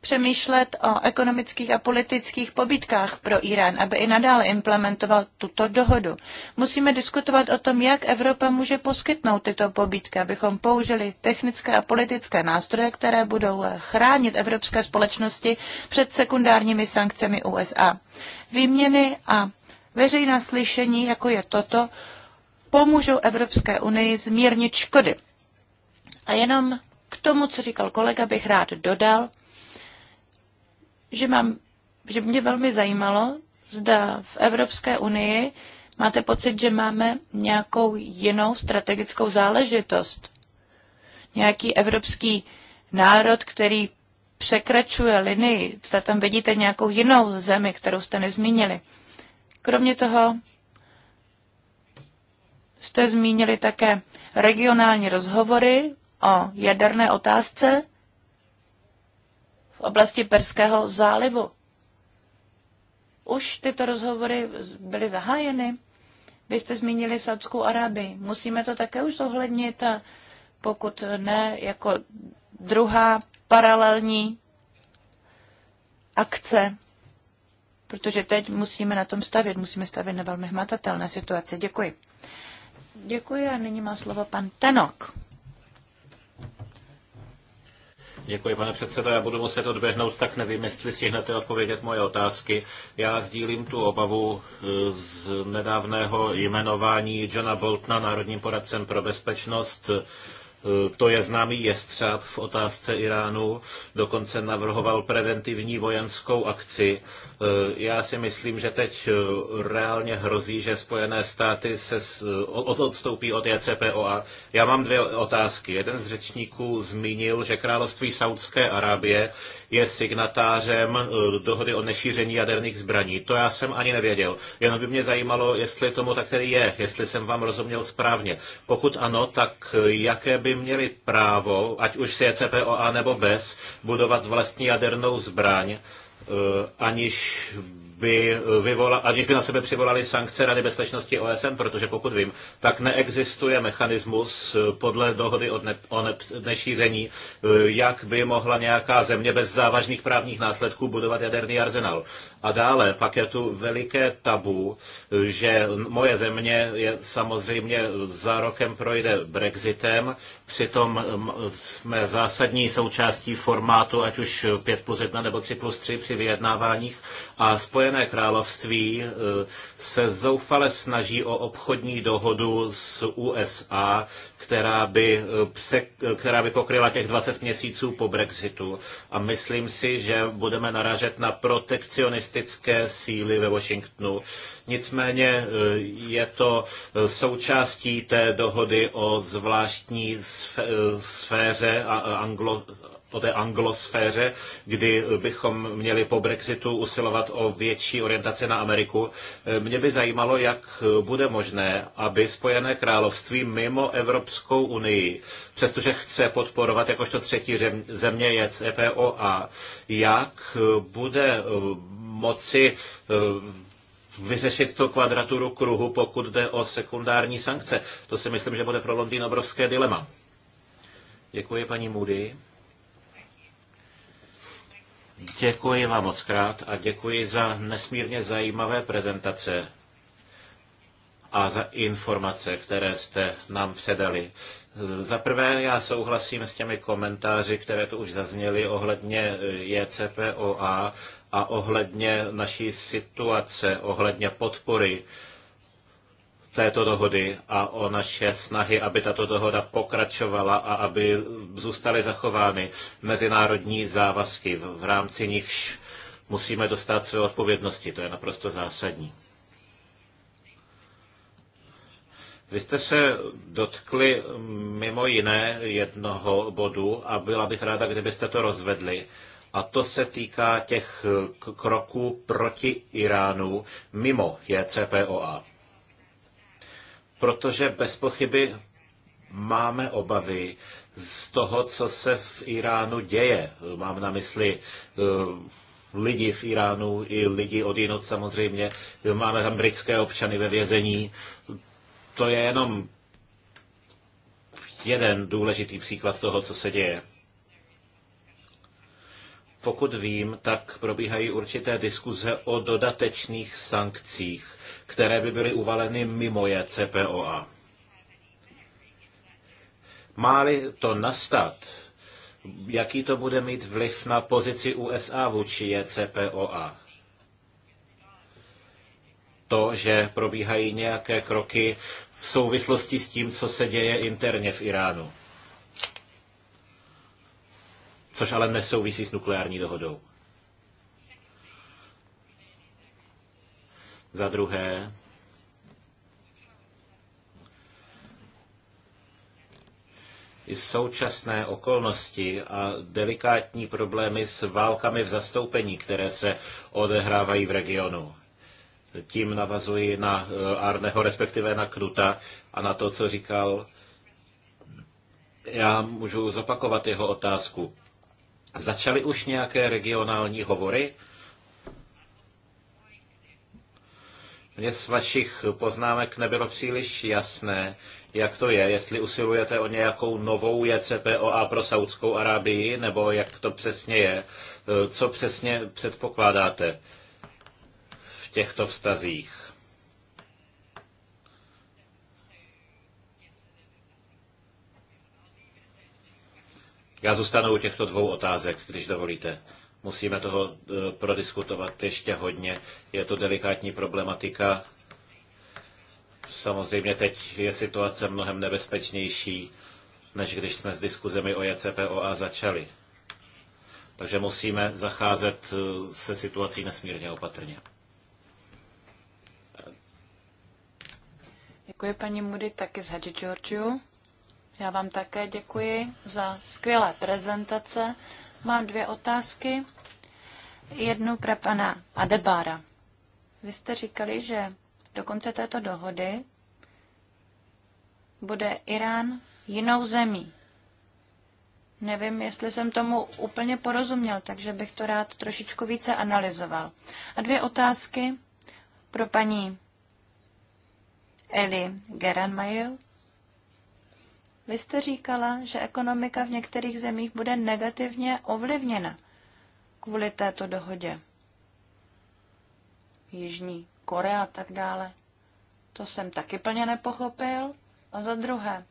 přemýšlet o ekonomických a politických pobytkách pro Irán, aby i nadále implementoval tuto dohodu. Musíme diskutovat o tom, jak Evropa může poskytnout tyto pobytky, abychom použili technické a politické nástroje, které budou chránit evropské společnosti před sekundárními sankcemi USA. Výměny a veřejná slyšení, jako je toto, pomůžou Evropské unii zmírnit škody. A jenom k tomu, co říkal kolega, bych rád dodal, že, mám, že mě velmi zajímalo, zda v Evropské unii máte pocit, že máme nějakou jinou strategickou záležitost. Nějaký evropský národ, který překračuje linii, zda tam vidíte nějakou jinou zemi, kterou jste nezmínili. Kromě toho jste zmínili také regionální rozhovory o jaderné otázce v oblasti Perského zálivu. Už tyto rozhovory byly zahájeny. Vy jste zmínili Saudskou Arábii. Musíme to také už zohlednit, pokud ne, jako druhá paralelní akce, protože teď musíme na tom stavět, musíme stavět na velmi hmatatelné situaci. Děkuji. Děkuji a nyní má slovo pan Tenok. Děkuji, pane předsedo. Já budu muset odběhnout, tak nevím, jestli stihnete odpovědět moje otázky. Já sdílím tu obavu eh, z nedávného jmenování Johna Boltna národním poradcem pro bezpečnost. Eh, to je známý jestřáb v otázce Iránu. Dokonce navrhoval preventivní vojenskou akci Eh, já si myslím, že teď eh, reálně hrozí, že Spojené státy se odstoupí od JCPOA. E já mám dvě otázky. Jeden z řečníků zmínil, že království Saudské Arábie je signatářem eh, dohody o nešíření jaderných zbraní. To já jsem ani nevěděl. Jenom by mě zajímalo, jestli tomu tak tedy je, jestli jsem vám rozuměl správně. Pokud ano, tak jaké by měli právo, ať už s JCPOA e nebo bez, budovat vlastní jadernou zbraň? Eh, aniž by, eh, vyvola, aniž by na sebe přivolali sankce Rady bezpečnosti OSN, protože pokud vím, tak neexistuje mechanismus eh, podle dohody o, ne, o ne, nešíření, jak by mohla nějaká země bez závažných právních následků budovat jaderný arzenál. A dále pak je tu veliké tabu, že moje země je samozřejmě za rokem projde Brexitem, přitom jsme zásadní součástí formátu, ať už 5 plus 1 nebo 3 plus 3 při vyjednáváních a Spojené království e, se zoufale snaží o obchodní dohodu s USA, která by, e, pře, e, která by pokryla těch 20 měsíců po Brexitu. A myslím si, že budeme narážet na protekcionistické extremistické síly ve Washingtonu. Nicméně e, je to e, součástí té dohody o zvláštní e, sféře anglo o té anglosféře, kdy bychom měli po Brexitu usilovat o větší orientaci na Ameriku. Eh, mě by zajímalo, jak bude možné, aby Spojené království mimo Evropskou unii, přestože chce podporovat jakožto třetí země jec a jak eh, bude eh, moci vyřešit to kvadraturu kruhu, pokud jde o sekundární sankce. To si myslím, že bude pro Londýn obrovské dilema. Děkuji paní Moody. Děkuji vám moc krát a děkuji za nesmírně zajímavé prezentace a za informace, které jste nám předali. Za prvé, já souhlasím s těmi komentáři, které tu už zazněly ohledně JCPOA eh, e a ohledně naší situace, ohledně podpory této dohody a o naše snahy, aby tato dohoda pokračovala a aby zůstaly zachovány mezinárodní závazky, v rámci nichž musíme dostat své odpovědnosti. To je naprosto zásadní. Vy jste se dotkli mimo jiné jednoho bodu a byla bych ráda, kdybyste to rozvedli. A to se týká těch kroků proti Iránu mimo JCPOA protože bez pochyby máme obavy z toho, co se v Iránu děje. Mám na mysli eh, lidi v Iránu i lidi od jinot samozřejmě. Máme tam britské občany ve vězení. To je jenom jeden důležitý příklad toho, co se děje. Pokud vím, tak probíhají určité diskuze o dodatečných sankcích které by byly uvaleny mimo je CPOA. Máli to nastat, jaký to bude mít vliv na pozici USA vůči JCPOA? To, že probíhají nějaké kroky v souvislosti s tím, co se děje interně v Iránu. Což ale nesouvisí s nukleární dohodou. Za druhé, i současné okolnosti a delikátní problémy s válkami v zastoupení, které se odehrávají v regionu. Tím navazuji na eh, Arneho, respektive na Knuta a na to, co říkal. Já můžu zopakovat jeho otázku. Začaly už nějaké regionální hovory? Mně z vašich poznámek nebylo příliš jasné, jak to je, jestli usilujete o nějakou novou JCPOA pro Saudskou Arábii, nebo jak to přesně je, e, co přesně předpokládáte v těchto vztazích. Já zůstanu u těchto dvou otázek, když dovolíte. Musíme toho e, prodiskutovat ještě hodně. Je to delikátní problematika. Samozřejmě teď je situace mnohem nebezpečnější, než když jsme s diskuzemi o JCPOA začali. Takže musíme zacházet e, se situací nesmírně opatrně. Děkuji paní Moody taky z Hadži Georgiou. Já vám také děkuji za skvělé prezentace. Mám dvě otázky. Jednu pro pana Adebára. Vy jste říkali, že do konce této dohody bude Irán jinou zemí. Nevím, jestli jsem tomu úplně porozuměl, takže bych to rád trošičku více analyzoval. A dvě otázky pro paní Eli Geranmajer. Vy jste říkala, že ekonomika v některých zemích bude negativně ovlivněna kvůli této dohodě. Jižní Korea a tak dále. To jsem taky plně nepochopil. A za druhé,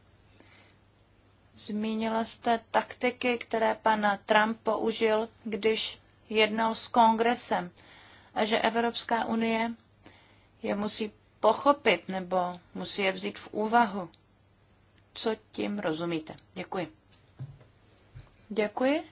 zmínila jste taktiky, které pan Trump použil, když jednal s kongresem a že Evropská unie je musí pochopit nebo musí je vzít v úvahu co tím rozumíte. Děkuji. Děkuji.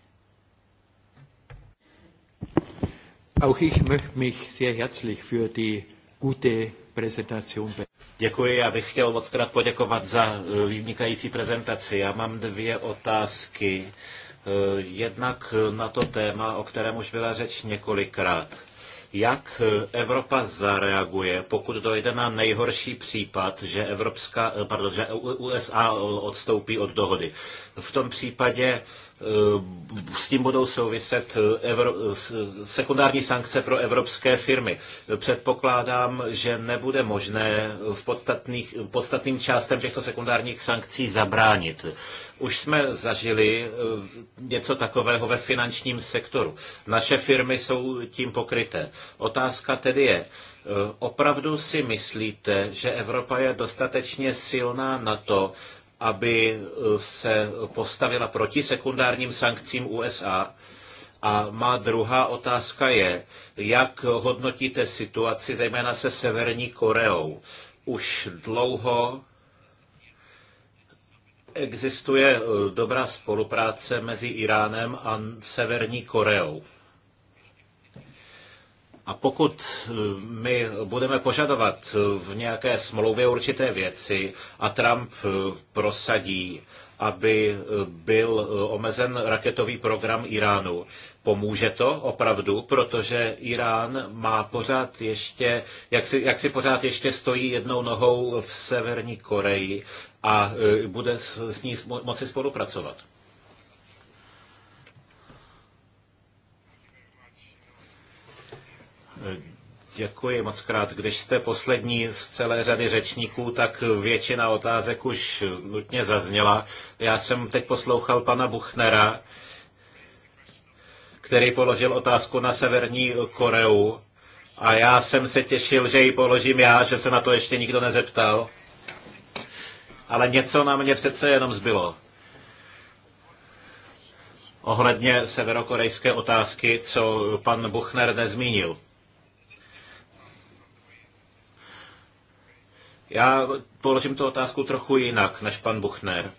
Auch ich möchte mich sehr herzlich für die gute Präsentation Děkuji, já bych chtěl moc krát poděkovat za eh, vynikající prezentaci. Já mám dvě otázky. Eh, jednak na to téma, o kterém už byla řeč několikrát. Jak Evropa zareaguje, pokud dojde na nejhorší případ, že, Evropská, eh, pardon, že USA odstoupí od dohody? V tom případě Eh, s tím budou souviset eh, eh, sekundární sankce pro evropské firmy. Předpokládám, že nebude možné v podstatných, podstatným částem těchto sekundárních sankcí zabránit. Už jsme zažili něco takového ve finančním sektoru. Naše firmy jsou tím pokryté. Otázka tedy je, opravdu si myslíte, že Evropa je dostatečně silná na to, aby eh, se postavila proti sekundárním sankcím USA. A má druhá otázka je, jak hodnotíte situaci zejména se Severní Koreou? Už dlouho existuje eh, dobrá spolupráce mezi Iránem a Severní Koreou. A pokud eh, my budeme požadovat eh, v nějaké smlouvě určité věci a Trump eh, prosadí, aby byl omezen raketový program Iránu, pomůže to opravdu, protože Irán má pořád ještě, jak si, jak si pořád ještě stojí jednou nohou v Severní Koreji a bude s, s ní moci spolupracovat. Děkuji moc krát. Když jste poslední z celé řady řečníků, tak většina otázek už nutně zazněla. Já jsem teď poslouchal pana Buchnera, který položil otázku na Severní Koreu. A já jsem se těšil, že ji položím já, že se na to ještě nikdo nezeptal. Ale něco na mě přece jenom zbylo. Ohledně severokorejské otázky, co pan Buchner nezmínil. Já položím tu otázku trochu jinak než pan Buchner.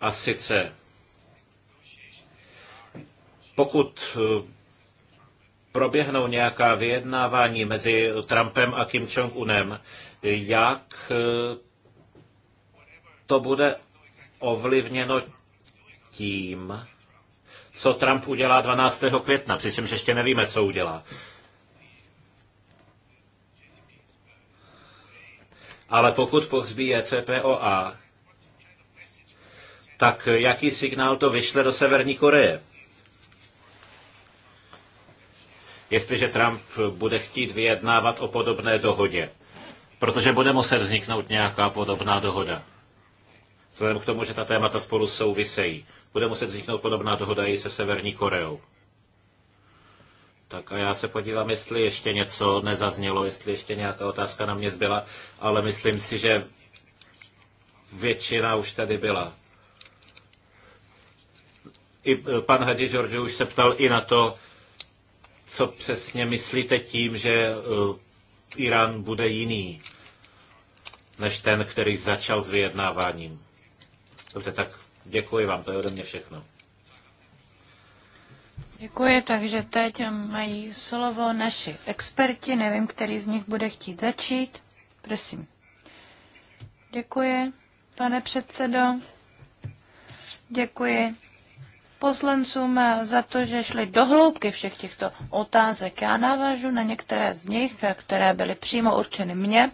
A sice, pokud eh, proběhnou nějaká vyjednávání mezi Trumpem a Kim Jong-unem, jak eh, to bude ovlivněno tím, co Trump udělá 12. května, přičemž ještě nevíme, co udělá. Ale pokud pohřbíje CPOA, tak jaký signál to vyšle do Severní Koreje? Jestliže Trump bude chtít vyjednávat o podobné dohodě, protože bude muset vzniknout nějaká podobná dohoda. Vzhledem k tomu, že ta témata spolu souvisejí, bude muset vzniknout podobná dohoda i se Severní Koreou. Tak a já se podívám, jestli ještě něco nezaznělo, jestli ještě nějaká otázka na mě zbyla, ale myslím si, že většina už tady byla. I e, pan Hadži George už se ptal i na to, co přesně myslíte tím, že e, Irán bude jiný než ten, který začal s vyjednáváním. Dobře, tak děkuji vám, to je ode mě všechno. Děkuji, takže teď mají slovo naši experti. Nevím, který z nich bude chtít začít. Prosím. Děkuji, pane předsedo. Děkuji poslancům za to, že šli do hloubky všech těchto otázek. Já navážu na některé z nich, které byly přímo určeny mně,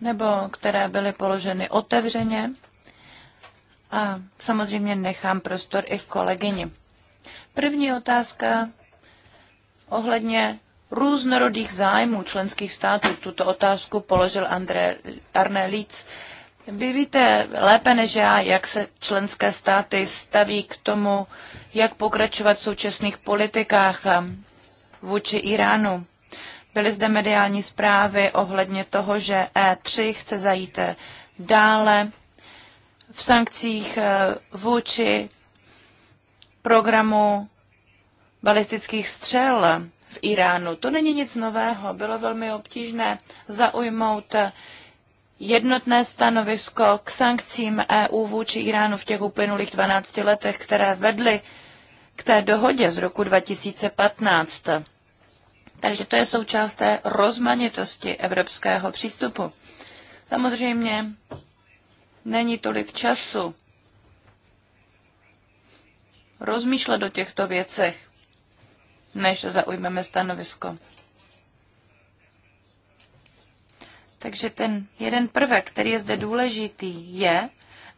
nebo které byly položeny otevřeně. A samozřejmě nechám prostor i kolegyni. První otázka ohledně různorodých zájmů členských států. Tuto otázku položil André Arne Líc. Vy víte lépe než já, jak se členské státy staví k tomu, jak pokračovat v současných politikách um, vůči Iránu. Byly zde mediální zprávy ohledně toho, že E3 chce zajít eh, dále v sankcích eh, vůči programu balistických střel v Iránu. To není nic nového. Bylo velmi obtížné zaujmout jednotné stanovisko k sankcím EU vůči Iránu v těch uplynulých 12 letech, které vedly k té dohodě z roku 2015. Takže to je součást té rozmanitosti evropského přístupu. Samozřejmě není tolik času rozmýšlet o těchto věcech, než zaujmeme stanovisko. Takže ten jeden prvek, který je zde důležitý, je,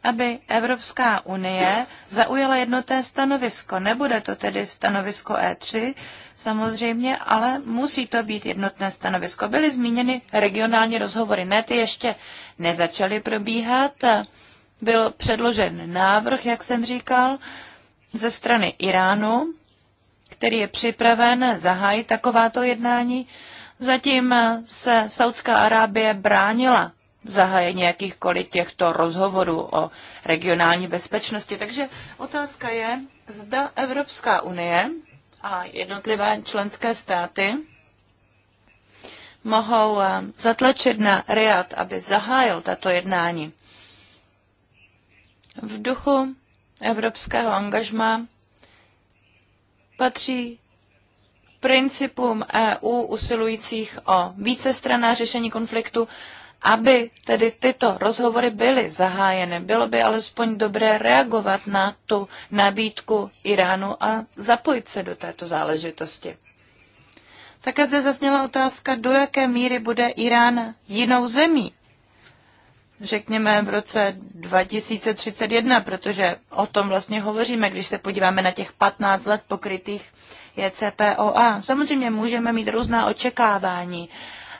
aby Evropská unie zaujala jednotné stanovisko. Nebude to tedy stanovisko E3, samozřejmě, ale musí to být jednotné stanovisko. Byly zmíněny regionální rozhovory. Ne, ty ještě nezačaly probíhat. Byl předložen návrh, jak jsem říkal, ze strany Iránu, který je připraven zahájit takováto jednání. Zatím se Saudská Arábie bránila zahájení jakýchkoliv těchto rozhovorů o regionální bezpečnosti. Takže otázka je, zda Evropská unie a jednotlivé členské státy mohou eh, zatlačit na Riad, aby zahájil tato jednání. V duchu evropského angažma patří principům EU usilujících o vícestranná řešení konfliktu, aby tedy tyto rozhovory byly zahájeny. Bylo by alespoň dobré reagovat na tu nabídku Iránu a zapojit se do této záležitosti. Také zde zazněla otázka, do jaké míry bude Irán jinou zemí řekněme v roce 2031, protože o tom vlastně hovoříme, když se podíváme na těch 15 let pokrytých JCPOA. Samozřejmě můžeme mít různá očekávání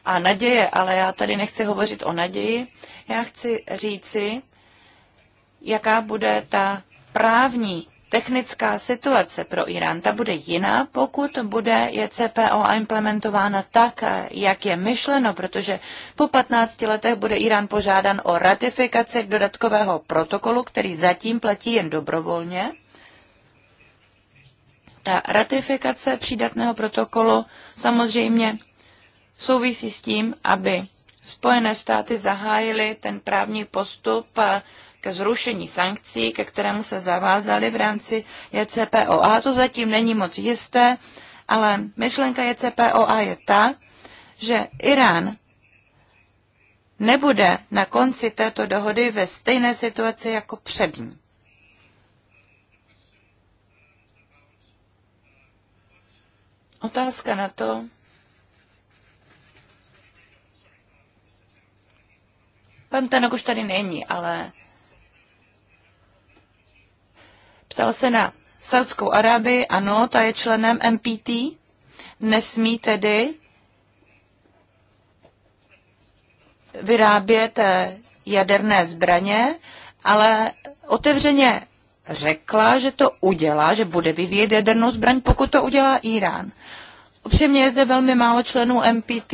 a naděje, ale já tady nechci hovořit o naději, já chci říci, jaká bude ta právní technická situace pro Irán, ta bude jiná, pokud bude JCPOA implementována tak, jak je myšleno, protože po 15 letech bude Irán požádan o ratifikaci dodatkového protokolu, který zatím platí jen dobrovolně. Ta ratifikace přídatného protokolu samozřejmě souvisí s tím, aby Spojené státy zahájily ten právní postup eh, ke zrušení sankcí, ke kterému se zavázali v rámci JCPOA. E to zatím není moc jisté, ale myšlenka JCPOA e je ta, že Irán nebude na konci této dohody ve stejné situaci jako před ní. Otázka na to, Pan Tanok už tady není, ale Ptal se na Saudskou Arábii, ano, ta je členem MPT, nesmí tedy vyrábět eh, jaderné zbraně, ale otevřeně řekla, že to udělá, že bude vyvíjet jadernou zbraň, pokud to udělá Irán. Upřímně je zde velmi málo členů MPT,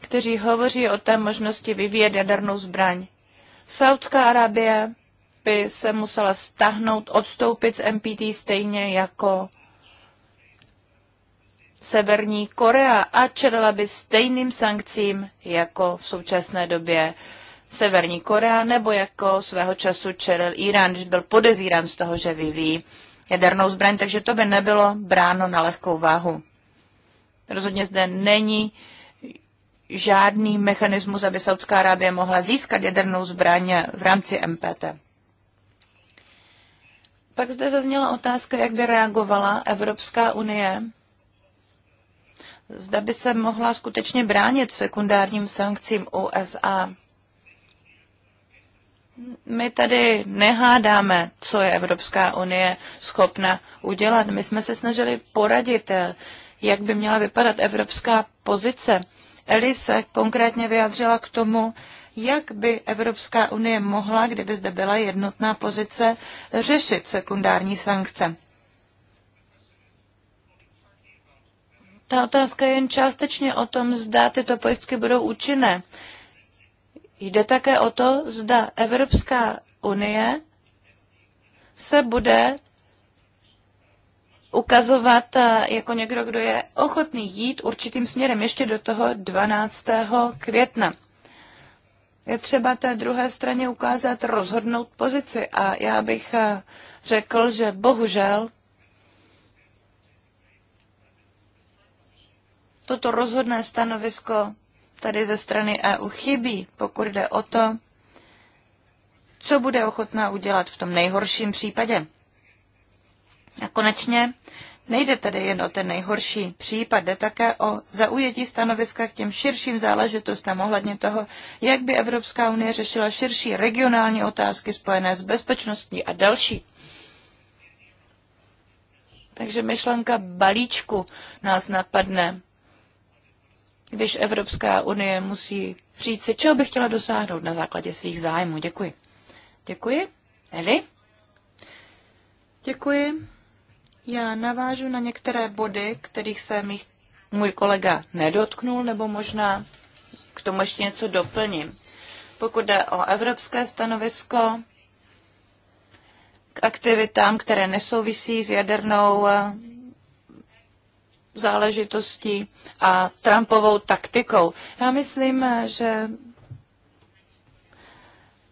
kteří hovoří o té možnosti vyvíjet jadernou zbraň. Saudská Arábie by se musela stahnout, odstoupit z MPT stejně jako Severní Korea a čelila by stejným sankcím jako v současné době Severní Korea nebo jako svého času čelil Irán, když byl podezírán z toho, že vyvíjí jadernou zbraň, takže to by nebylo bráno na lehkou váhu. Rozhodně zde není žádný mechanismus, aby Saudská Arábie mohla získat jadernou zbraň v rámci MPT. Pak zde zazněla otázka, jak by reagovala Evropská unie. Zda by se mohla skutečně bránit sekundárním sankcím USA. My tady nehádáme, co je Evropská unie schopna udělat. My jsme se snažili poradit, jak by měla vypadat evropská pozice. Elise konkrétně vyjádřila k tomu, jak by Evropská unie mohla, kdyby zde byla jednotná pozice, řešit sekundární sankce. Ta otázka je jen částečně o tom, zda tyto pojistky budou účinné. Jde také o to, zda Evropská unie se bude ukazovat eh, jako někdo, kdo je ochotný jít určitým směrem ještě do toho 12. května je třeba té druhé straně ukázat rozhodnout pozici. A já bych eh, řekl, že bohužel toto rozhodné stanovisko tady ze strany EU chybí, pokud jde o to, co bude ochotná udělat v tom nejhorším případě. A konečně Nejde tedy jen o ten nejhorší případ, jde také o zaujetí stanoviska k těm širším záležitostem ohledně toho, jak by Evropská unie řešila širší regionální otázky spojené s bezpečností a další. Takže myšlenka balíčku nás napadne, když Evropská unie musí říct si, čeho by chtěla dosáhnout na základě svých zájmů. Děkuji. Děkuji. Eli? Děkuji. Já navážu na některé body, kterých se mých, můj kolega nedotknul, nebo možná k tomu ještě něco doplním. Pokud jde o evropské stanovisko k aktivitám, které nesouvisí s jadernou eh, záležitostí a Trumpovou taktikou. Já myslím, eh, že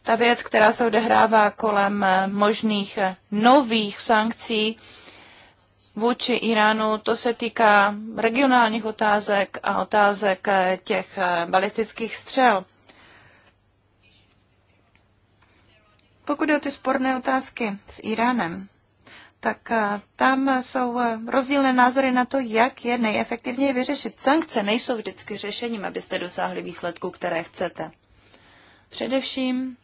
ta věc, která se odehrává kolem eh, možných nových sankcí, vůči Iránu, to se týká regionálních otázek a otázek eh, těch eh, balistických střel. Pokud je o ty sporné otázky s Iránem, tak eh, tam jsou rozdílné názory na to, jak je nejefektivněji vyřešit. Sankce nejsou vždycky řešením, abyste dosáhli výsledku, které chcete. Především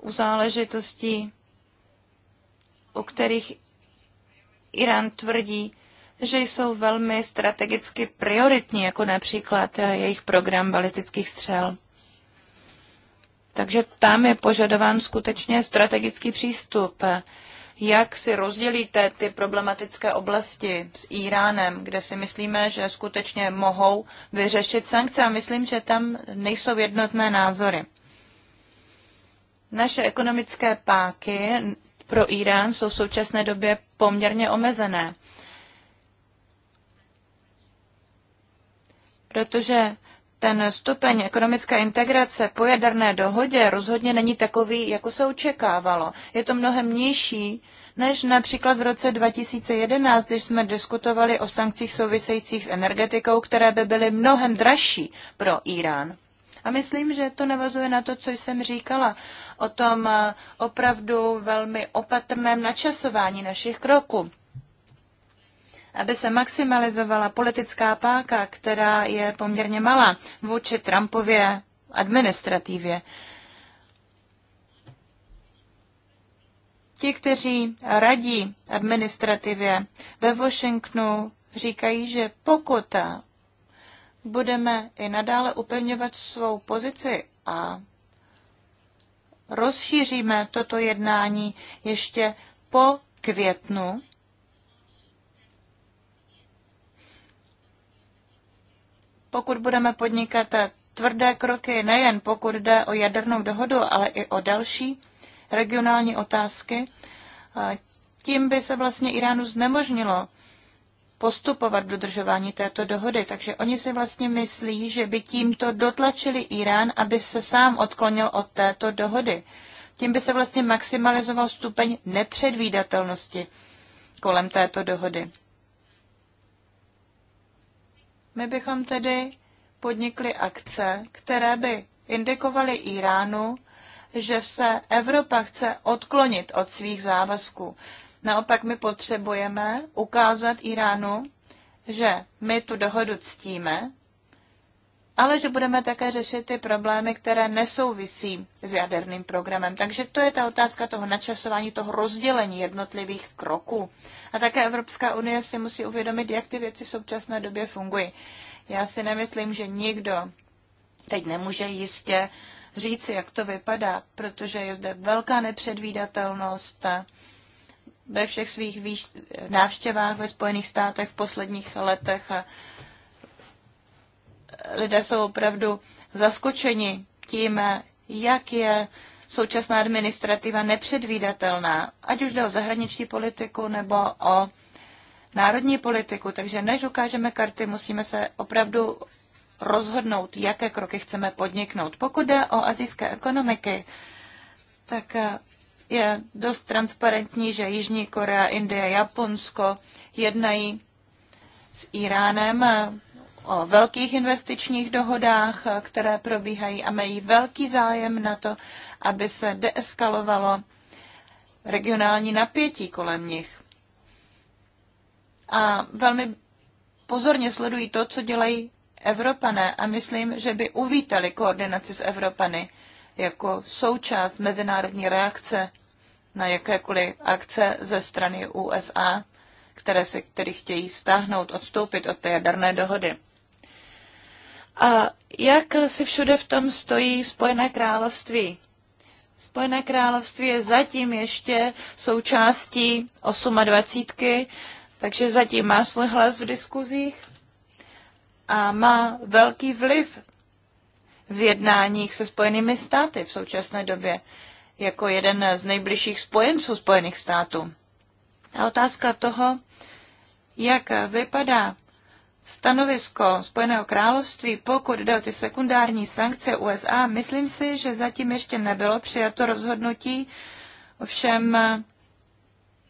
u záležitostí, u kterých Irán tvrdí, že jsou velmi strategicky prioritní, jako například eh, jejich program balistických střel. Takže tam je požadován skutečně strategický přístup. Jak si rozdělíte ty problematické oblasti s Iránem, kde si myslíme, že skutečně mohou vyřešit sankce a myslím, že tam nejsou jednotné názory. Naše ekonomické páky pro Irán jsou v současné době poměrně omezené. Protože ten stupeň ekonomické integrace po jaderné dohodě rozhodně není takový, jako se očekávalo. Je to mnohem nižší než například v roce 2011, když jsme diskutovali o sankcích souvisejících s energetikou, které by byly mnohem dražší pro Irán. A myslím, že to navazuje na to, co jsem říkala o tom eh, opravdu velmi opatrném načasování našich kroků aby se maximalizovala politická páka, která je poměrně malá vůči Trumpově administrativě. Ti, kteří radí administrativě ve Washingtonu, říkají, že pokud budeme i nadále upevňovat svou pozici a rozšíříme toto jednání ještě po květnu. Pokud budeme podnikat tvrdé kroky nejen pokud jde o jadernou dohodu, ale i o další regionální otázky, tím by se vlastně Iránu znemožnilo postupovat v dodržování této dohody. Takže oni si vlastně myslí, že by tímto dotlačili Irán, aby se sám odklonil od této dohody. Tím by se vlastně maximalizoval stupeň nepředvídatelnosti kolem této dohody. My bychom tedy podnikli akce, které by indikovaly Iránu, že se Evropa chce odklonit od svých závazků. Naopak my potřebujeme ukázat Iránu, že my tu dohodu ctíme, ale že budeme také řešit ty problémy, které nesouvisí s jaderným programem. Takže to je ta otázka toho načasování, toho rozdělení jednotlivých kroků. A také Evropská unie si musí uvědomit, jak ty věci v současné době fungují. Já si nemyslím, že nikdo teď nemůže jistě říci, jak to vypadá, protože je zde velká nepředvídatelnost ve všech svých výš... návštěvách ve Spojených státech v posledních letech a lidé jsou opravdu zaskočeni tím, jak je současná administrativa nepředvídatelná, ať už jde o zahraniční politiku nebo o národní politiku. Takže než ukážeme karty, musíme se opravdu rozhodnout, jaké kroky chceme podniknout. Pokud jde o azijské ekonomiky, tak je dost transparentní, že Jižní Korea, Indie, Japonsko jednají s Iránem o velkých investičních dohodách, které probíhají a mají velký zájem na to, aby se deeskalovalo regionální napětí kolem nich. A velmi pozorně sledují to, co dělají Evropané a myslím, že by uvítali koordinaci s Evropany jako součást mezinárodní reakce na jakékoliv akce ze strany USA, které se, který chtějí stáhnout, odstoupit od té jaderné dohody. A jak si všude v tom stojí Spojené království? Spojené království je zatím ještě součástí 28, takže zatím má svůj hlas v diskuzích a má velký vliv v jednáních se Spojenými státy v současné době jako jeden z nejbližších spojenců Spojených států. A otázka toho, jak vypadá stanovisko Spojeného království, pokud jde o ty sekundární sankce USA, myslím si, že zatím ještě nebylo přijato rozhodnutí, ovšem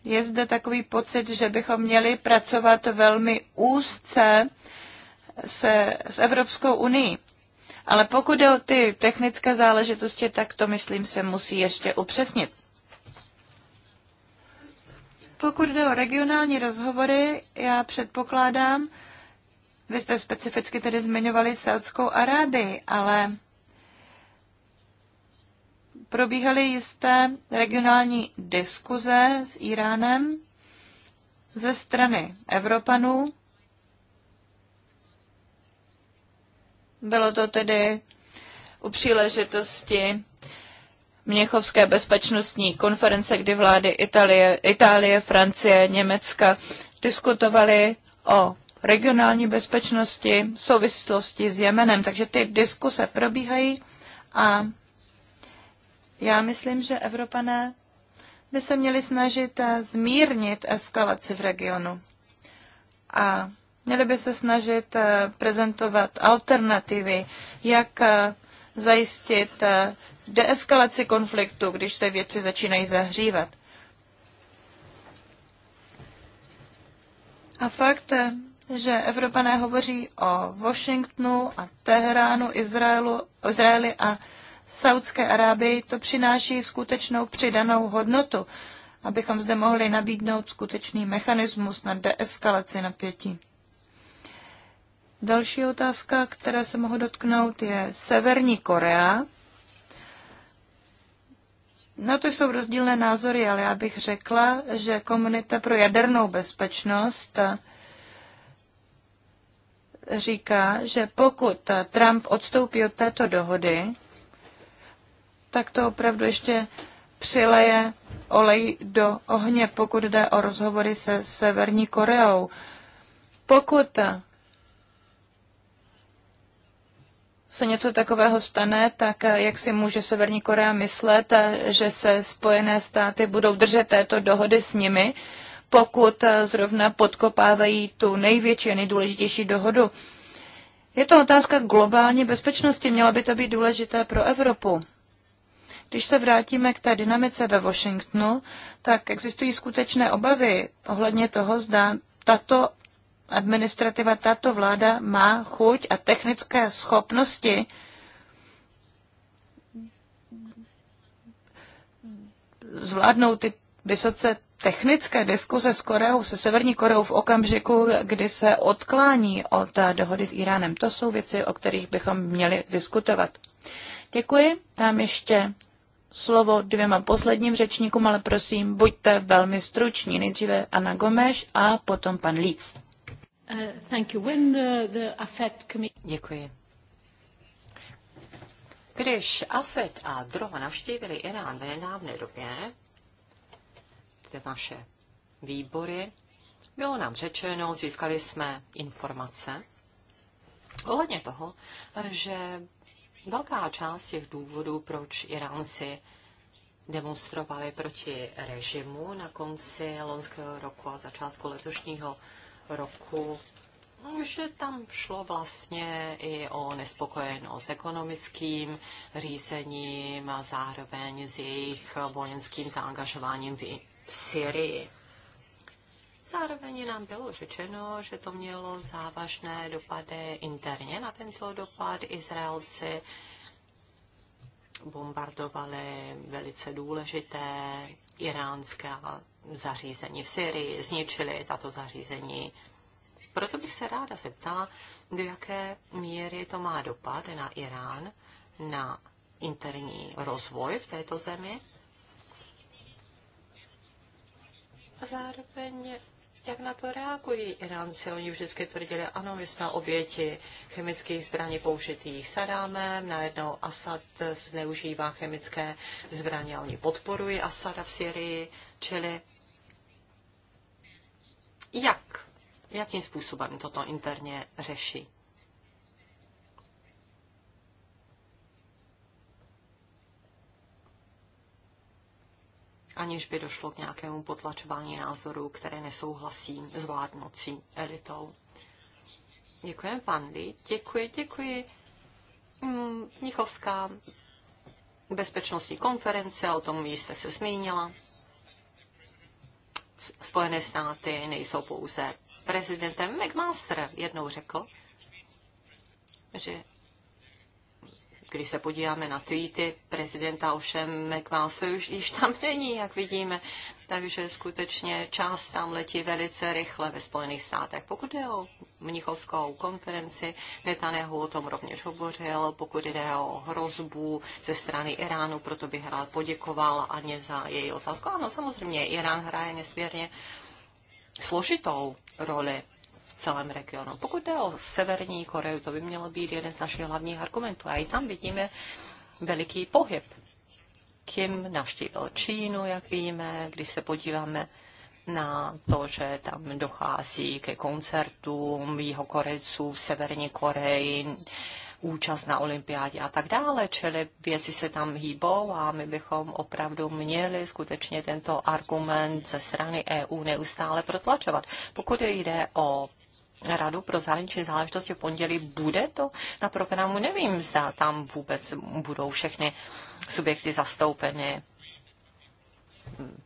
je zde takový pocit, že bychom měli pracovat velmi úzce se, s Evropskou unii. Ale pokud jde o ty technické záležitosti, tak to, myslím, se musí ještě upřesnit. Pokud jde o regionální rozhovory, já předpokládám, vy jste specificky tedy zmiňovali Saudskou Arábii, ale probíhaly jisté regionální diskuze s Iránem ze strany Evropanů Bylo to tedy u příležitosti Měchovské bezpečnostní konference, kdy vlády Itálie, Itálie, Francie, Německa diskutovaly o regionální bezpečnosti v souvislosti s Jemenem. Takže ty diskuse probíhají a já myslím, že Evropané by se měli snažit zmírnit eskalaci v regionu. A Měli by se snažit eh, prezentovat alternativy, jak eh, zajistit eh, deeskalaci konfliktu, když se věci začínají zahřívat. A fakt, že Evropané hovoří o Washingtonu a Teheránu, Izraelu, Izraeli a Saudské Arábii, to přináší skutečnou přidanou hodnotu, abychom zde mohli nabídnout skutečný mechanismus na deeskalaci napětí. Další otázka, které se mohu dotknout, je Severní Korea. Na to jsou rozdílné názory, ale já bych řekla, že komunita pro jadernou bezpečnost říká, že pokud Trump odstoupí od této dohody, tak to opravdu ještě přileje olej do ohně, pokud jde o rozhovory se Severní Koreou. Pokud se něco takového stane, tak eh, jak si může Severní Korea myslet, eh, že se Spojené státy budou držet této dohody s nimi, pokud eh, zrovna podkopávají tu největší a nejdůležitější dohodu. Je to otázka globální bezpečnosti, měla by to být důležité pro Evropu. Když se vrátíme k té dynamice ve Washingtonu, tak existují skutečné obavy ohledně toho, zda tato administrativa, tato vláda má chuť a technické schopnosti zvládnout ty vysoce technické diskuze s Koreou, se Severní Koreou v okamžiku, kdy se odklání od dohody s Iránem. To jsou věci, o kterých bychom měli diskutovat. Děkuji. Tam ještě slovo dvěma posledním řečníkům, ale prosím, buďte velmi struční. Nejdříve Anna Gomeš a potom pan Líc. Uh, uh, Děkuji. Když AFET a Droha navštívili Irán ve nedávné době, ty naše výbory, bylo nám řečeno, získali jsme informace ohledně toho, že velká část těch důvodů, proč Iránci demonstrovali proti režimu na konci loňského roku a začátku letošního roku no, že tam šlo vlastně i o nespokojenost s ekonomickým řízením a zároveň s jejich vojenským zaangažováním v Syrii. Zároveň nám bylo řečeno, že to mělo závažné dopady interně na tento dopad. Izraelci bombardovali velice důležité iránské a zařízení v Syrii, zničili tato zařízení. Proto bych se ráda zeptala, do jaké míry to má dopad na Irán, na interní rozvoj v této zemi. A zároveň, jak na to reagují Iránci? Oni vždycky tvrdili, ano, my jsme oběti chemických zbraní použitých Sadámem, najednou Asad zneužívá chemické zbraně a oni podporují Asada v Syrii, čili jak, jakým způsobem toto interně řeší? aniž by došlo k nějakému potlačování názorů, které nesouhlasí s vládnoucí elitou. Děkujeme, pan Lee. Děkuji, děkuji. Mm, Mnichovská bezpečnostní konference, o tom jste se zmínila. Spojené státy nejsou pouze prezidentem. McMaster jednou řekl, že když se podíváme na tweety prezidenta, ovšem McMaster už již tam není, jak vidíme. Takže skutečně čas tam letí velice rychle ve Spojených státech. Pokud jde o Mnichovskou konferenci, Netanyahu o tom rovněž hovořil, pokud jde o hrozbu ze strany Iránu, proto bych rád poděkoval Aně za její otázku. Ano, samozřejmě, Irán hraje nesmírně složitou roli celém regionu. Pokud jde o Severní Koreu, to by mělo být jeden z našich hlavních argumentů. A i tam vidíme veliký pohyb. Kim navštívil Čínu, jak víme, když se podíváme na to, že tam dochází ke koncertům jihokorejců v Severní Koreji, účast na olympiádě a tak dále, čili věci se tam hýbou a my bychom opravdu měli skutečně tento argument ze strany EU neustále protlačovat. Pokud jde o Radu pro zahraniční záležitosti v pondělí. Bude to na programu? Nevím, zda tam vůbec budou všechny subjekty zastoupeny.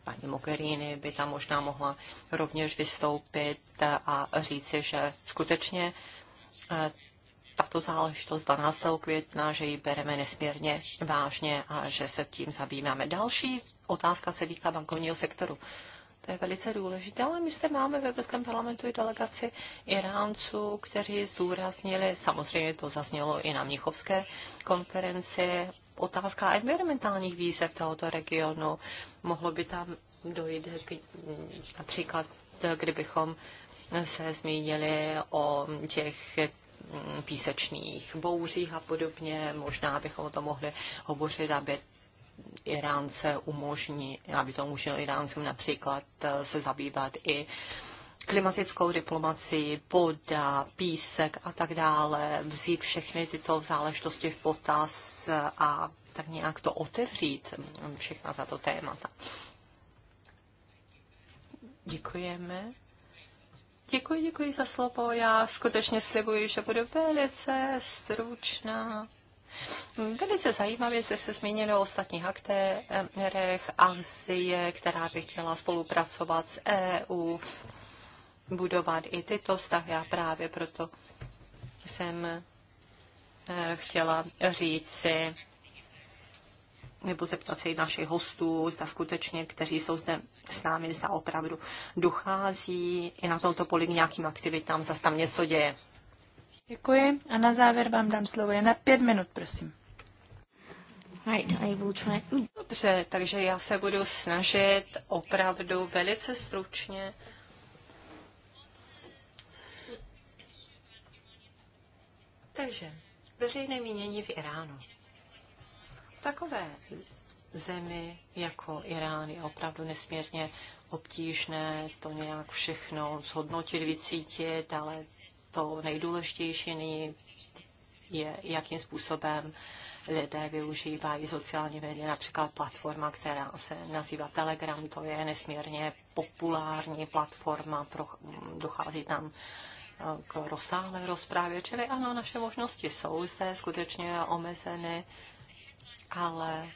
Paní Mogherini by tam možná mohla rovněž vystoupit a říci, že skutečně eh, tato záležitost 12. května, že ji bereme nesmírně vážně a že se tím zabýváme. Další otázka se týká bankovního sektoru to je velice důležité, ale my zde máme v Evropském parlamentu i delegaci Iránců, kteří zdůraznili, samozřejmě to zaznělo i na Mnichovské konferenci, otázka environmentálních výzev tohoto regionu. Mohlo by tam dojít k, například, kdybychom se zmínili o těch písečných bouřích a podobně. Možná bychom o tom mohli hovořit, aby Iránce umožní, aby to umožnil Iráncům například eh, se zabývat i klimatickou diplomaci, voda, písek a tak dále, vzít všechny tyto záležitosti v potaz eh, a tak nějak to otevřít, mm, všechna tato témata. Děkujeme. Děkuji, děkuji za slovo. Já skutečně slibuji, že budu velice stručná. Velice zajímavě jste se zmínili o ostatních aktérech Azie, která by chtěla spolupracovat s EU, budovat i tyto vztahy a právě proto jsem eh, chtěla říci, nebo zeptat se i našich hostů, zda skutečně, kteří jsou zde s námi, zda opravdu dochází i na tomto poli k nějakým aktivitám, zda tam něco děje. Děkuji a na závěr vám dám slovo jen na pět minut, prosím. Right, I will try. Dobře, takže já se budu snažit opravdu velice stručně. Takže veřejné mínění v Iránu. Takové zemi jako Irán je opravdu nesmírně obtížné to nějak všechno zhodnotit, vycítit, ale to nejdůležitější nyní je, jakým způsobem lidé využívají sociální média, například platforma, která se nazývá Telegram, to je nesmírně populární platforma, pro, dochází tam eh, k rozsáhlé rozprávě, čili ano, naše možnosti jsou zde skutečně omezeny, ale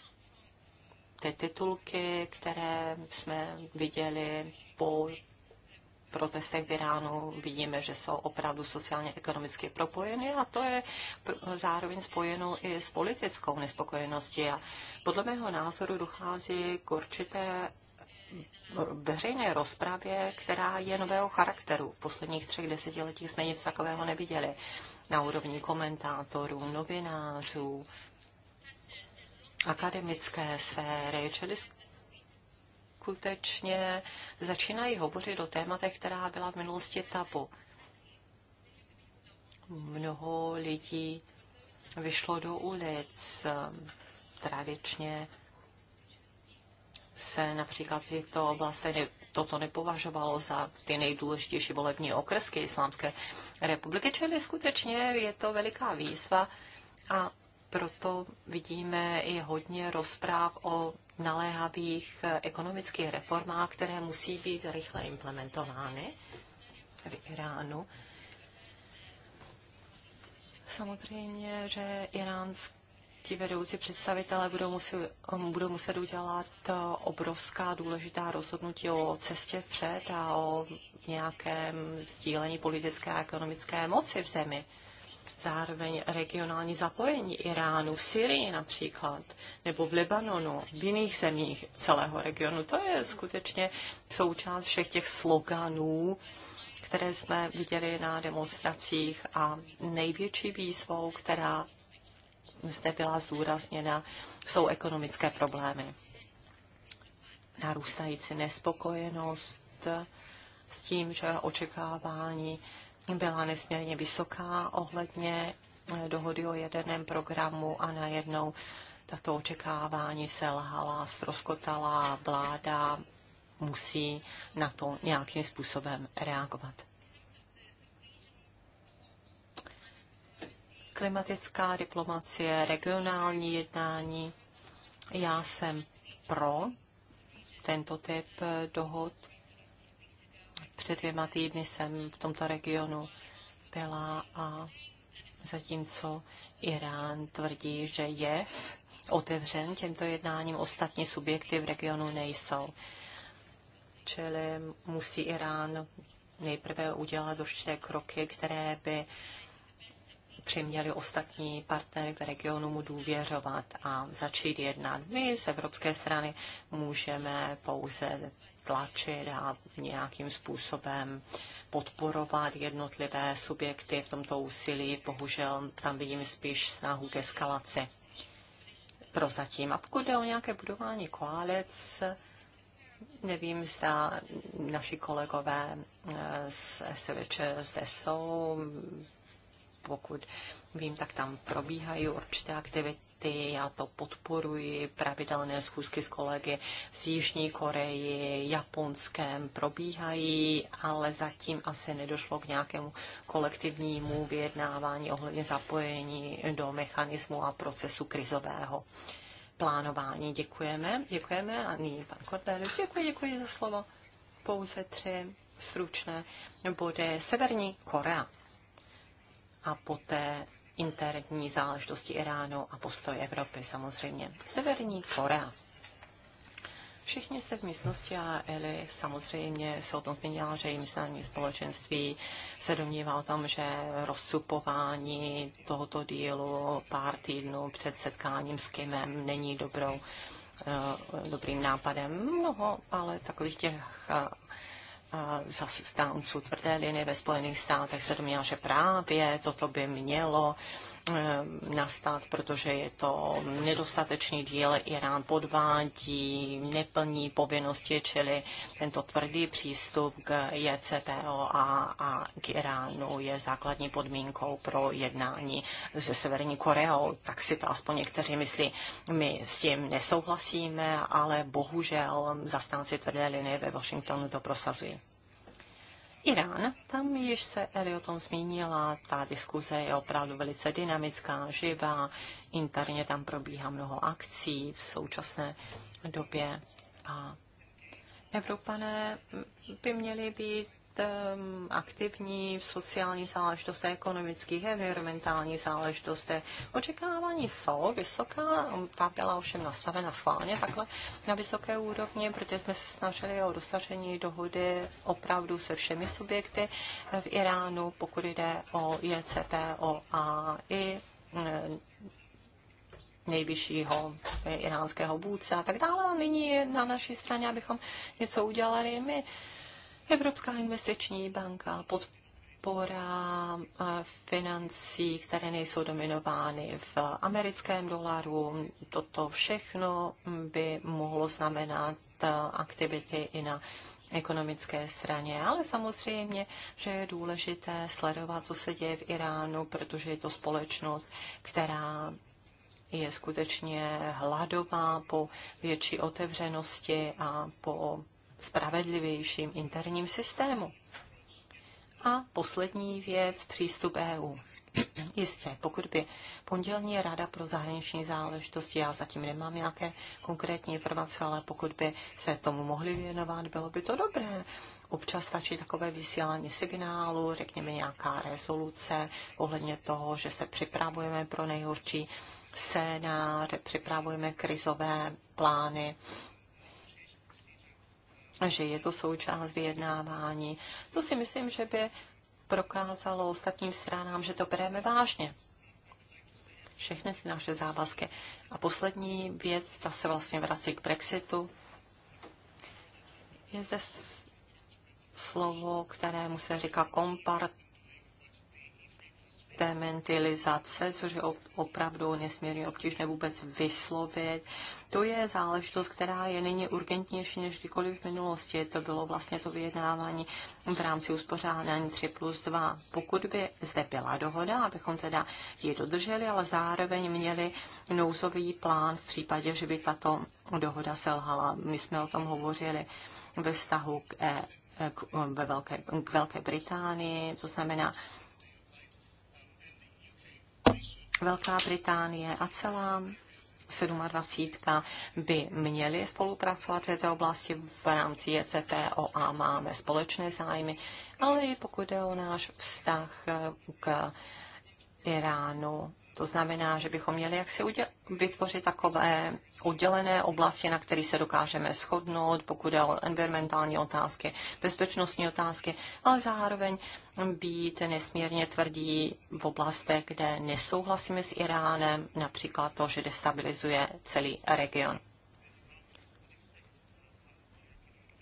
ty titulky, které jsme viděli po protestech v Iránu. Vidíme, že jsou opravdu sociálně ekonomicky propojeny a to je zároveň spojeno i s politickou nespokojeností. A podle mého názoru dochází k určité veřejné rozpravě, která je nového charakteru. V posledních třech desetiletích jsme nic takového neviděli. Na úrovni komentátorů, novinářů, akademické sféry, čili skutečně začínají hovořit o tématech, která byla v minulosti tabu. Mnoho lidí vyšlo do ulic. Tradičně se například v této oblasti ne, toto nepovažovalo za ty nejdůležitější volební okrsky Islámské republiky, čili skutečně je to veliká výzva a proto vidíme i hodně rozpráv o naléhavých ekonomických reformách, které musí být rychle implementovány v Iránu. Samozřejmě, že iránský vedoucí představitelé budou muset, budou muset udělat obrovská důležitá rozhodnutí o cestě vpřed a o nějakém sdílení politické a ekonomické moci v zemi zároveň regionální zapojení Iránu v Syrii například, nebo v Libanonu, v jiných zemích celého regionu. To je skutečně součást všech těch sloganů, které jsme viděli na demonstracích a největší výzvou, která zde byla zdůrazněna, jsou ekonomické problémy. Narůstající nespokojenost s tím, že očekávání byla nesmírně vysoká ohledně eh, dohody o jaderném programu a najednou tato očekávání selhala, stroskotala, vláda musí na to nějakým způsobem reagovat. Klimatická diplomacie, regionální jednání. Já jsem pro tento typ dohod před dvěma týdny jsem v tomto regionu byla a zatímco Irán tvrdí, že je otevřen těmto jednáním, ostatní subjekty v regionu nejsou. Čili musí Irán nejprve udělat určité kroky, které by přiměli ostatní partnery v regionu mu důvěřovat a začít jednat. My z evropské strany můžeme pouze tlačit a nějakým způsobem podporovat jednotlivé subjekty v tomto úsilí. Bohužel tam vidím spíš snahu k eskalaci prozatím. A pokud jde o nějaké budování koalic, nevím, zda naši kolegové z SVČ zde jsou, pokud vím, tak tam probíhají určité aktivity, já to podporuji, pravidelné schůzky s kolegy z Jižní Koreji, Japonském probíhají, ale zatím asi nedošlo k nějakému kolektivnímu vyjednávání ohledně zapojení do mechanismu a procesu krizového plánování. Děkujeme, děkujeme a nyní pan Kornelius, děkuji, děkuji za slovo. Pouze tři stručné body. Severní Korea a poté interní záležitosti Iránu a postoj Evropy samozřejmě. Severní Korea. Všichni jste v místnosti a Eli samozřejmě se o tom zmínila, že i mezinárodní společenství se domnívá o tom, že rozsupování tohoto dílu pár týdnů před setkáním s Kimem není dobrou, eh, dobrým nápadem. Mnoho ale takových těch eh, zastánců tvrdé linie ve Spojených státech se domnívá, že právě toto by mělo Eh, nastat, protože je to nedostatečný díl. Irán podvádí, neplní povinnosti, čili tento tvrdý přístup k JCPO a, a k Iránu je základní podmínkou pro jednání se Severní Koreou. Tak si to aspoň někteří myslí. My s tím nesouhlasíme, ale bohužel zastánci tvrdé linie ve Washingtonu to prosazují. Irán, tam již se Eli o tom zmínila, ta diskuze je opravdu velice dynamická, živá, interně tam probíhá mnoho akcí v současné době a Evropané by měli být Um, aktivní v sociálních záležitostech, ekonomických, environmentálních záležitostech. Očekávání jsou vysoká, ta byla ovšem nastavena schválně takhle na vysoké úrovni, protože jsme se snažili o dosažení dohody opravdu se všemi subjekty v Iránu, pokud jde o JCPO a i mm, nejvyššího iránského vůdce a tak dále. A nyní je na naší straně, abychom něco udělali my. Evropská investiční banka, podpora eh, financí, které nejsou dominovány v americkém dolaru, toto všechno by mohlo znamenat eh, aktivity i na ekonomické straně, ale samozřejmě, že je důležité sledovat, co se děje v Iránu, protože je to společnost, která je skutečně hladová po větší otevřenosti a po spravedlivějším interním systému. A poslední věc, přístup EU. Jistě, pokud by pondělní rada pro zahraniční záležitosti, já zatím nemám nějaké konkrétní informace, ale pokud by se tomu mohli věnovat, bylo by to dobré. Občas stačí takové vysílání signálu, řekněme nějaká rezoluce ohledně toho, že se připravujeme pro nejhorší scénáře, připravujeme krizové plány že je to součást vyjednávání. To si myslím, že by prokázalo ostatním stranám, že to bereme vážně. Všechny ty naše závazky. A poslední věc, ta se vlastně vrací k Brexitu. Je zde slovo, kterému se říká kompart, implementilizace, což je opravdu nesmírně obtížné vůbec vyslovit. To je záležitost, která je nyní urgentnější než kdykoliv v minulosti. To bylo vlastně to vyjednávání v rámci uspořádání 3 plus 2. Pokud by zde byla dohoda, abychom teda ji dodrželi, ale zároveň měli nouzový plán v případě, že by tato dohoda selhala. My jsme o tom hovořili ve vztahu k e, k, ve velké, k Velké Británii, to znamená Velká Británie a celá 27 by měly spolupracovat v této oblasti v rámci e a Máme společné zájmy, ale i pokud jde o náš vztah k Iránu, to znamená, že bychom měli jaksi vytvořit takové oddělené oblasti, na které se dokážeme shodnout, pokud je o environmentální otázky, bezpečnostní otázky, ale zároveň být nesmírně tvrdí v oblastech, kde nesouhlasíme s Iránem, například to, že destabilizuje celý region.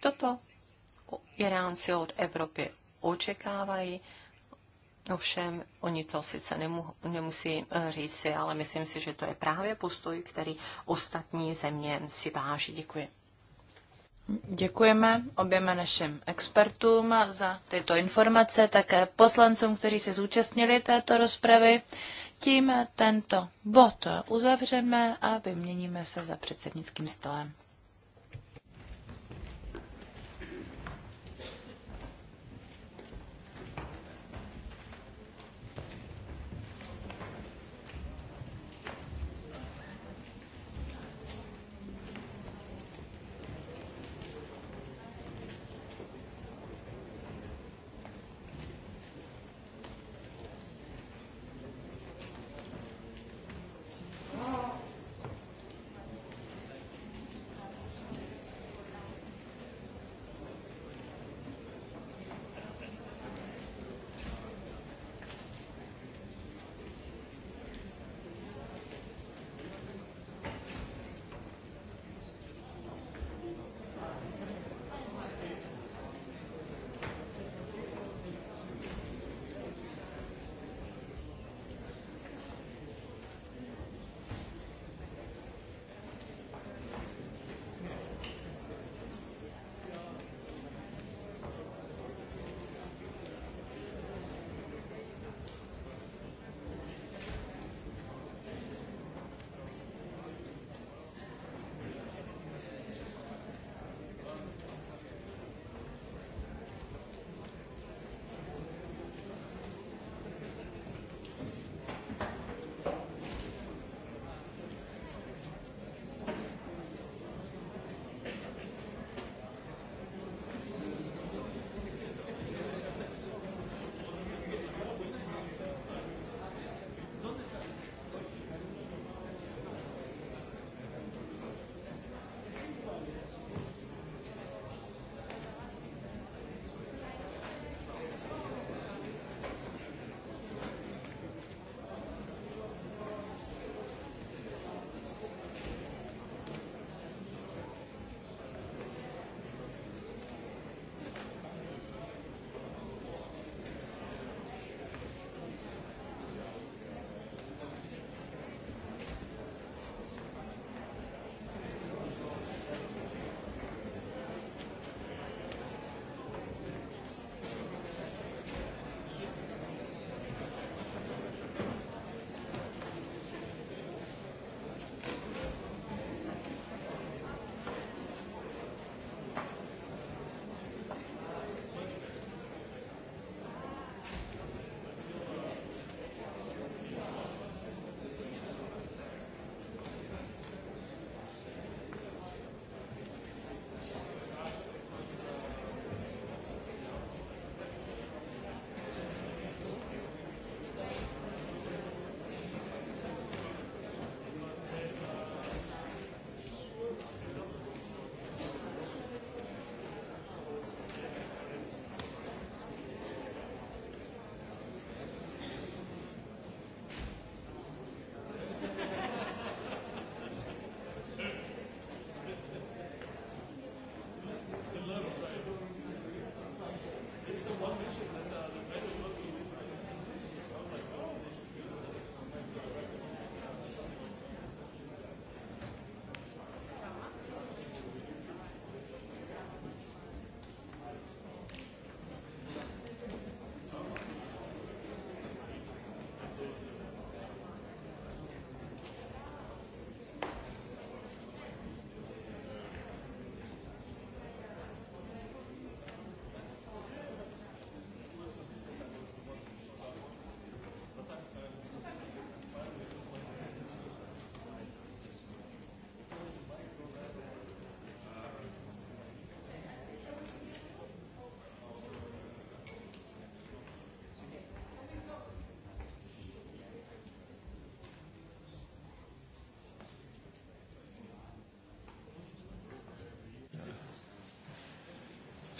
Toto Iránci od Evropy očekávají Ovšem, oni to sice nemu, nemusí eh, říci, ale myslím si, že to je právě postoj, který ostatní země si váží. Děkuji. Děkujeme oběma našim expertům za tyto informace, také poslancům, kteří se zúčastnili této rozpravy. Tím tento bod uzavřeme a vyměníme se za předsednickým stolem.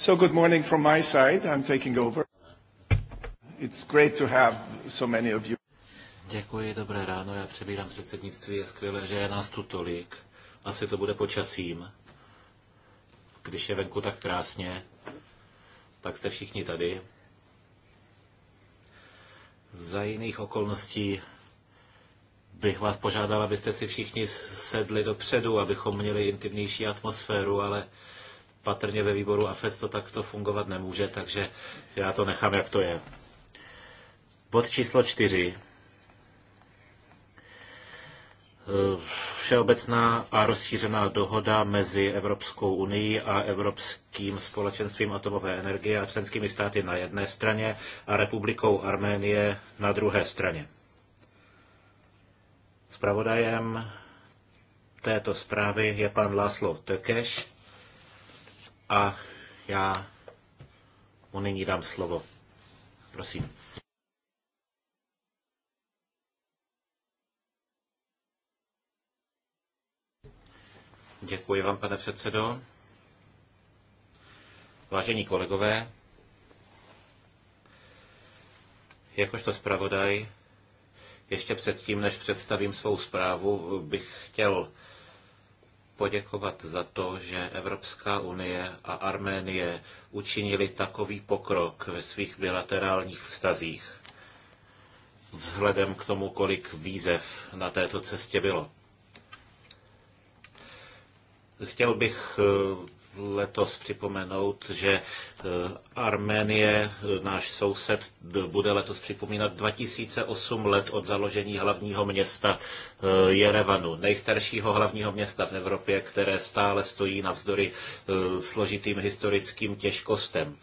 So good morning from my side. I'm taking over. It's great to have so many of you. Děkuji, dobré ráno, já přebírám předsednictví, je skvělé, že je nás tu tolik. Asi to bude počasím, když je venku tak krásně, tak jste všichni tady. Za jiných okolností bych vás požádal, abyste si všichni sedli dopředu, abychom měli intimnější atmosféru, ale patrně ve výboru AFES to takto fungovat nemůže, takže já to nechám, jak to je. Bod číslo čtyři. Eh, Všeobecná a rozšířená dohoda mezi Evropskou unii a Evropským společenstvím atomové energie a členskými státy na jedné straně a republikou Arménie na druhé straně. Spravodajem této zprávy je pan Laszlo Tökeš a já mu nyní dám slovo. Prosím. Děkuji vám, pane předsedo. Vážení kolegové, jakožto zpravodaj, ještě předtím, než představím svou zprávu, bych chtěl poděkovat za to, že Evropská unie a Arménie učinili takový pokrok ve svých bilaterálních vztazích, vzhledem k tomu, kolik výzev na této cestě bylo. Chtěl bych eh, letos připomenout, že eh, Arménie, eh, náš soused, bude letos připomínat 2008 let od založení hlavního města eh, Jerevanu, nejstaršího hlavního města v Evropě, které stále stojí navzdory složitým historickým těžkostem.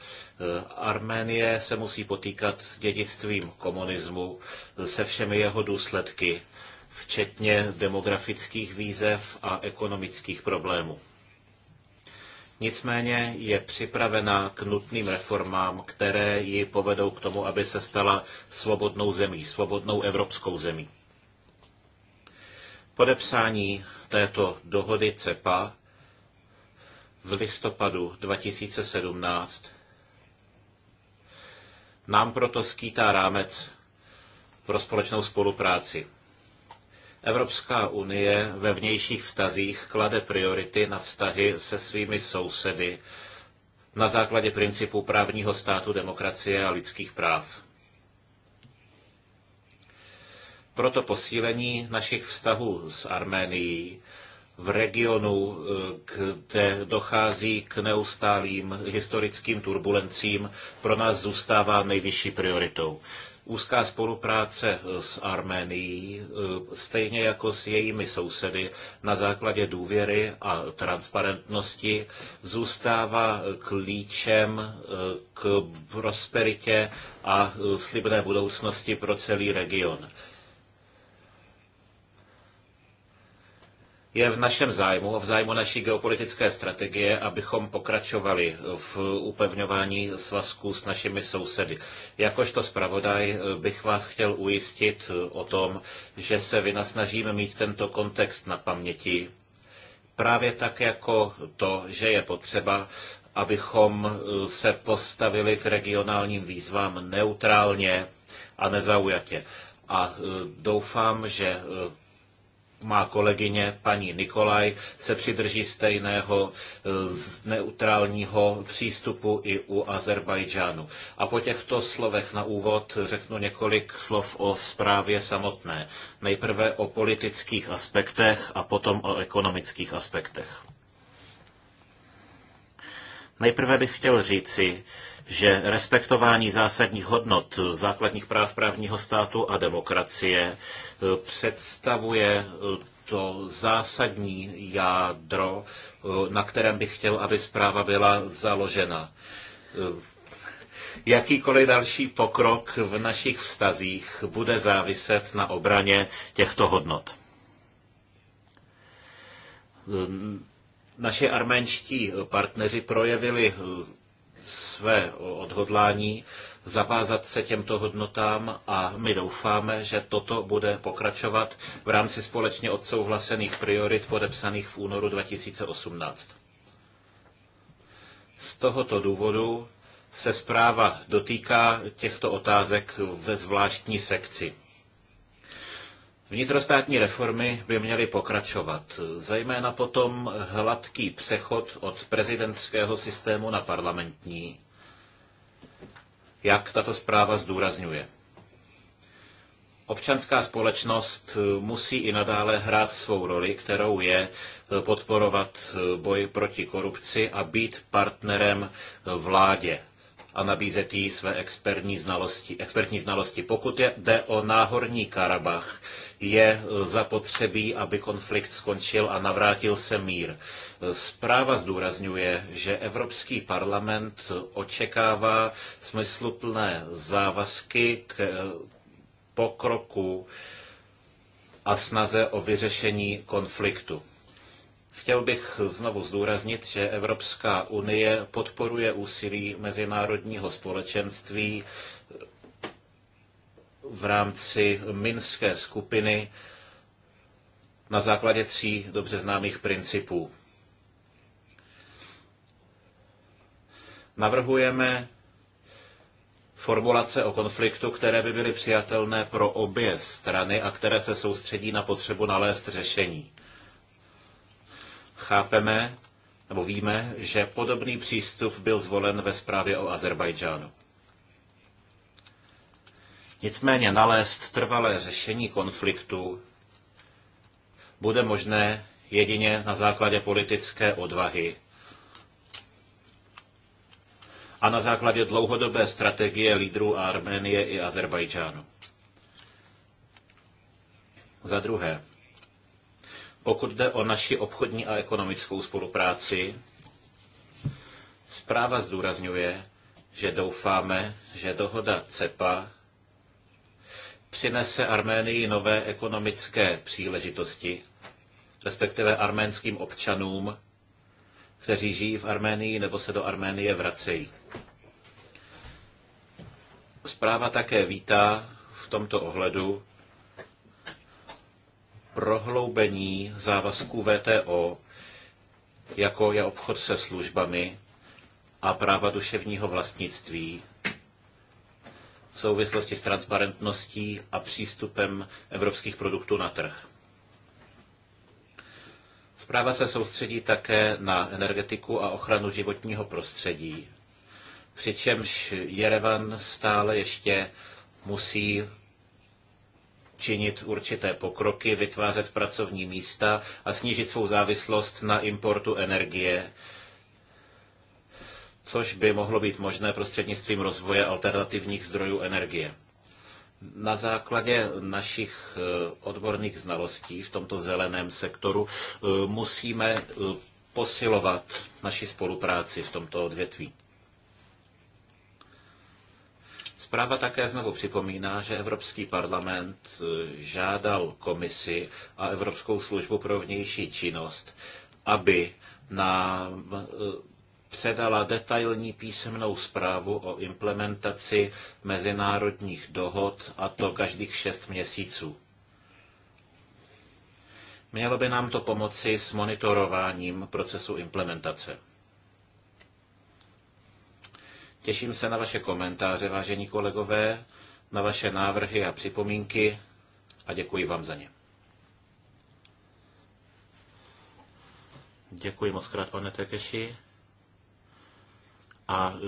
Arménie se musí potýkat s dědictvím komunismu, se všemi jeho důsledky, včetně demografických výzev a ekonomických problémů. Nicméně je připravena k nutným reformám, které ji povedou k tomu, aby se stala svobodnou zemí, svobodnou evropskou zemí. Podepsání této dohody CEPA v listopadu 2017 nám proto skýtá rámec pro společnou spolupráci. Evropská unie ve vnějších vztazích klade priority na vztahy se svými sousedy na základě principů právního státu, demokracie a lidských práv. Proto posílení našich vztahů s Arménií v regionu, eh, kde dochází k neustálým historickým turbulencím, pro nás zůstává nejvyšší prioritou úzká spolupráce s Arménií, e, stejně jako s jejími sousedy, na základě důvěry a transparentnosti zůstává klíčem e, k prosperitě a e, slibné budoucnosti pro celý region. Je v našem zájmu, a v zájmu naší geopolitické strategie, abychom pokračovali v upevňování svazků s našimi sousedy. Jakožto zpravodaj bych vás chtěl ujistit o tom, že se vynasnažíme mít tento kontext na paměti, právě tak jako to, že je potřeba, abychom se postavili k regionálním výzvám neutrálně a nezaujatě. A e, doufám, že e, má kolegyně paní Nikolaj se přidrží stejného eh, neutrálního přístupu i u Azerbajdžánu. A po těchto slovech na úvod řeknu několik slov o zprávě samotné. Nejprve o politických aspektech a potom o ekonomických aspektech. Nejprve bych chtěl říci, že respektování zásadních hodnot základních práv právního státu a demokracie eh, představuje eh, to zásadní jádro, eh, na kterém bych chtěl, aby zpráva byla založena. Jakýkoliv další pokrok v našich vztazích bude záviset na obraně těchto hodnot. Naše arménští partneři projevili své odhodlání zavázat se těmto hodnotám a my doufáme, že toto bude pokračovat v rámci společně odsouhlasených priorit podepsaných v únoru 2018. Z tohoto důvodu se zpráva dotýká těchto otázek ve zvláštní sekci. Vnitrostátní reformy by měly pokračovat, zejména potom hladký přechod od prezidentského systému na parlamentní, jak tato zpráva zdůrazňuje. Občanská společnost musí i nadále hrát svou roli, kterou je podporovat boj proti korupci a být partnerem vládě a nabízet jí své expertní znalosti. Expertní znalosti. Pokud jde o náhorní Karabach, je e, zapotřebí, aby konflikt skončil a navrátil se mír. Zpráva zdůrazňuje, že Evropský parlament očekává smysluplné závazky k e, pokroku a snaze o vyřešení konfliktu. Chtěl bych znovu zdůraznit, že Evropská unie podporuje úsilí mezinárodního společenství v rámci Minské skupiny na základě tří dobře známých principů. Navrhujeme formulace o konfliktu, které by byly přijatelné pro obě strany a které se soustředí na potřebu nalézt řešení chápeme nebo víme, že podobný přístup byl zvolen ve zprávě o Azerbajdžánu. Nicméně nalézt trvalé řešení konfliktu bude možné jedině na základě politické odvahy a na základě dlouhodobé strategie lídrů Arménie i Azerbajdžánu. Za druhé, pokud jde o naši obchodní a ekonomickou spolupráci, zpráva zdůrazňuje, že doufáme, že dohoda CEPA přinese Arménii nové ekonomické příležitosti, respektive arménským občanům, kteří žijí v Arménii nebo se do Arménie vracejí. Zpráva také vítá v tomto ohledu prohloubení závazků VTO, jako je obchod se službami a práva duševního vlastnictví v souvislosti s transparentností a přístupem evropských produktů na trh. Zpráva se soustředí také na energetiku a ochranu životního prostředí, přičemž Jerevan stále ještě musí činit určité pokroky, vytvářet pracovní místa a snížit svou závislost na importu energie což by mohlo být možné prostřednictvím rozvoje alternativních zdrojů energie. Na základě našich eh, odborných znalostí v tomto zeleném sektoru eh, musíme eh, posilovat naši spolupráci v tomto odvětví. Zpráva také znovu připomíná, že Evropský parlament eh, žádal komisi a Evropskou službu pro vnější činnost, aby nám eh, předala detailní písemnou zprávu o implementaci mezinárodních dohod, a to každých šest měsíců. Mělo by nám to pomoci s monitorováním procesu implementace. Těším se na vaše komentáře, vážení kolegové, na vaše návrhy a připomínky a děkuji vám za ně. Děkuji moc krát, pane Tekeši. A e,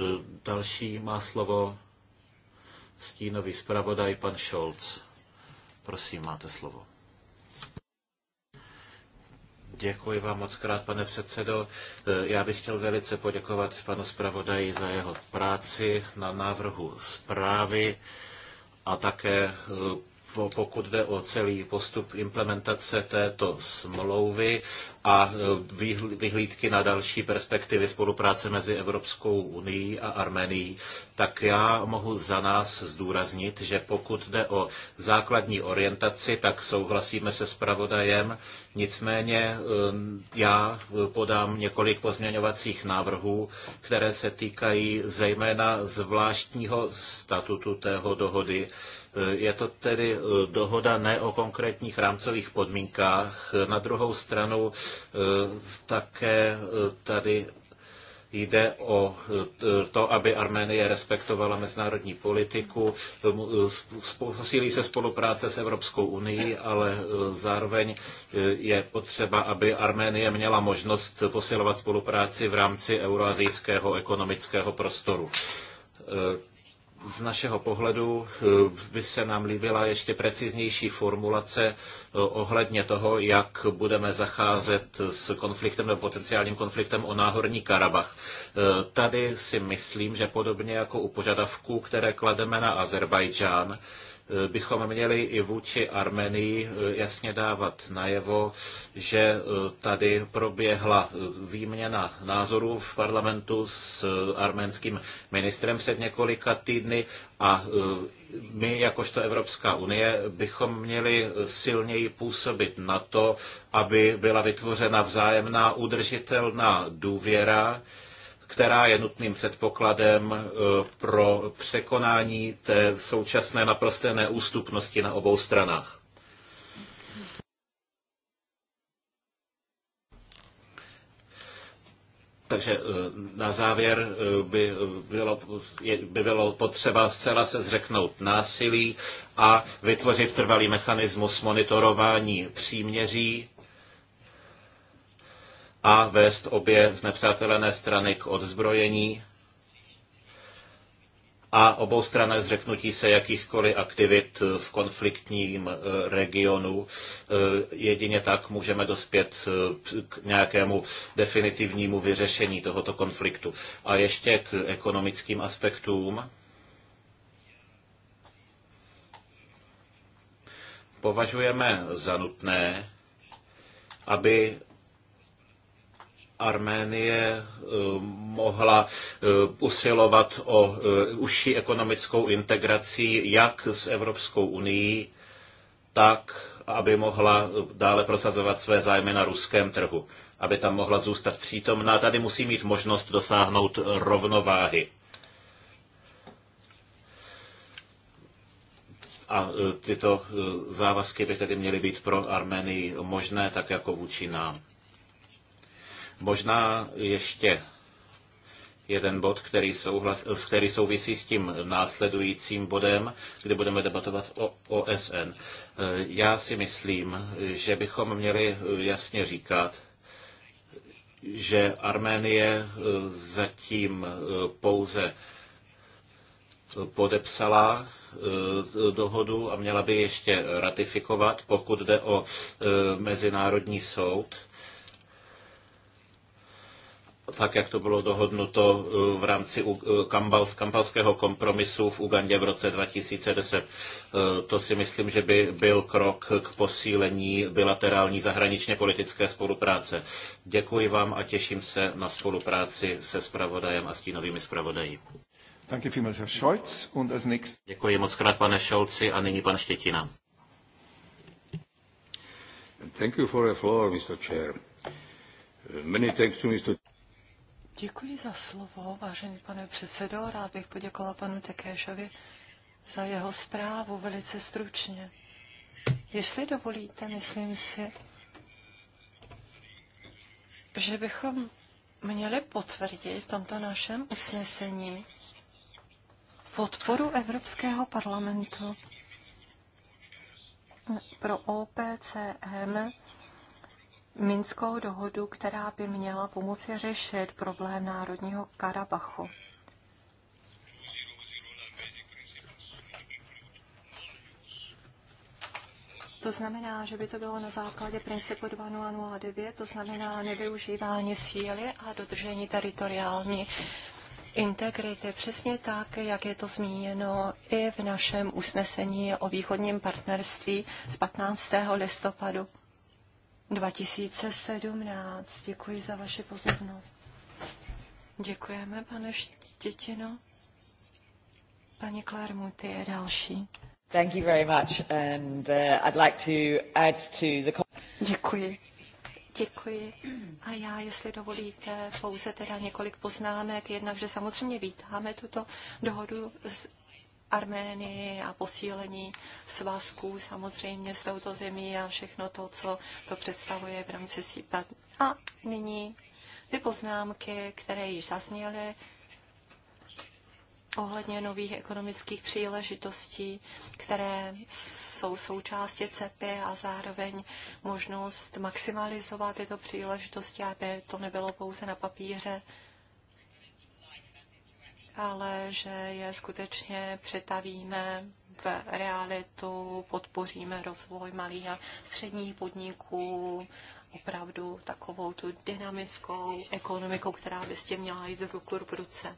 další má slovo stínový zpravodaj, pan Scholz. Prosím, máte slovo. Děkuji vám moc krát, pane předsedo. E, já bych chtěl velice poděkovat panu zpravodaji za jeho práci na návrhu zprávy a také e, pokud jde o celý postup implementace této smlouvy a e, vyhlídky na další perspektivy spolupráce mezi Evropskou unii a Armenií, tak já mohu za nás zdůraznit, že pokud jde o základní orientaci, tak souhlasíme se zpravodajem. Nicméně e, já e, podám několik pozměňovacích návrhů, které se týkají zejména zvláštního statutu tého dohody, Eh, je to tedy eh, dohoda ne o konkrétních rámcových podmínkách. Na druhou stranu eh, také tady jde o to, aby Arménie respektovala mezinárodní politiku, Posílí se spolupráce s Evropskou unii, ale zároveň je potřeba, aby Arménie měla možnost posilovat spolupráci v rámci euroazijského ekonomického prostoru z našeho pohledu eh, by se nám líbila ještě preciznější formulace eh, ohledně toho, jak budeme zacházet s konfliktem nebo potenciálním konfliktem o náhorní Karabach. Eh, tady si myslím, že podobně jako u požadavků, které klademe na Azerbajdžán, Eh, bychom měli i vůči Armenii eh, jasně dávat najevo, že eh, tady proběhla výměna názorů v parlamentu s arménským ministrem před několika týdny a my, jakožto Evropská unie, bychom měli silněji působit na to, aby byla vytvořena vzájemná udržitelná důvěra, která je nutným předpokladem eh, pro překonání té současné naprosté neústupnosti na obou stranách. Takže eh, na závěr eh, by bylo, by bylo potřeba zcela se zřeknout násilí a vytvořit trvalý mechanismus monitorování příměří a vést obě znepřátelené strany k odzbrojení a obou oboustranné zřeknutí se jakýchkoliv aktivit v konfliktním eh, regionu. Eh, jedině tak můžeme dospět eh, k nějakému definitivnímu vyřešení tohoto konfliktu. A ještě k ekonomickým aspektům. Považujeme za nutné, aby Arménie eh, mohla eh, usilovat o eh, užší ekonomickou integraci jak s Evropskou unii, tak aby mohla dále prosazovat své zájmy na ruském trhu, aby tam mohla zůstat přítomná. Tady musí mít možnost dosáhnout rovnováhy. A tyto závazky by tedy měly být pro Armenii možné, tak jako vůči nám. Možná ještě jeden bod, který, souhlas, který souvisí s tím následujícím bodem, kde budeme debatovat o OSN. Já si myslím, že bychom měli jasně říkat, že Arménie zatím pouze podepsala eh, dohodu a měla by ještě ratifikovat, pokud jde o eh, Mezinárodní soud tak jak to bylo dohodnuto eh, v rámci eh, Kampalského kambalského kompromisu v Ugandě v roce 2010. Eh, to si myslím, že by byl krok k posílení bilaterální zahraničně politické spolupráce. Děkuji vám a těším se na spolupráci se spravodajem a stínovými spravodají. Děkuji moc krát, pane Scholzi, a nyní pan Štětina. Thank you for the floor, Mr. Chair. Many thanks to Mr. Děkuji za slovo, vážený pane předsedo. Rád bych poděkoval panu Tekéšovi za jeho zprávu velice stručně. Jestli dovolíte, myslím si, že bychom měli potvrdit v tomto našem usnesení podporu Evropského parlamentu pro OPCM Minskou dohodu, která by měla pomoci řešit problém Národního Karabachu. To znamená, že by to bylo na základě principu 2009, to znamená nevyužívání síly a dodržení teritoriální integrity. Přesně tak, jak je to zmíněno i v našem usnesení o východním partnerství z 15. listopadu. 2017. Děkuji za vaši pozornost. Děkujeme, pane Štětino. Paní Claire je další. Thank you very much and uh, I'd like to add to the... Děkuji. Děkuji. A já, jestli dovolíte, pouze teda několik poznámek. Jednak, že samozřejmě vítáme tuto dohodu s Arménii a posílení svazků samozřejmě s touto zemí a všechno to, co to představuje v rámci SIPA. A nyní ty poznámky, které již zazněly ohledně nových ekonomických příležitostí, které jsou součástí CEPy a zároveň možnost maximalizovat tyto příležitosti, aby to nebylo pouze na papíře ale že je skutečně přetavíme v realitu, podpoříme rozvoj malých a středních podniků, opravdu takovou tu dynamickou ekonomiku, která by s tím měla jít v ruku v ruce.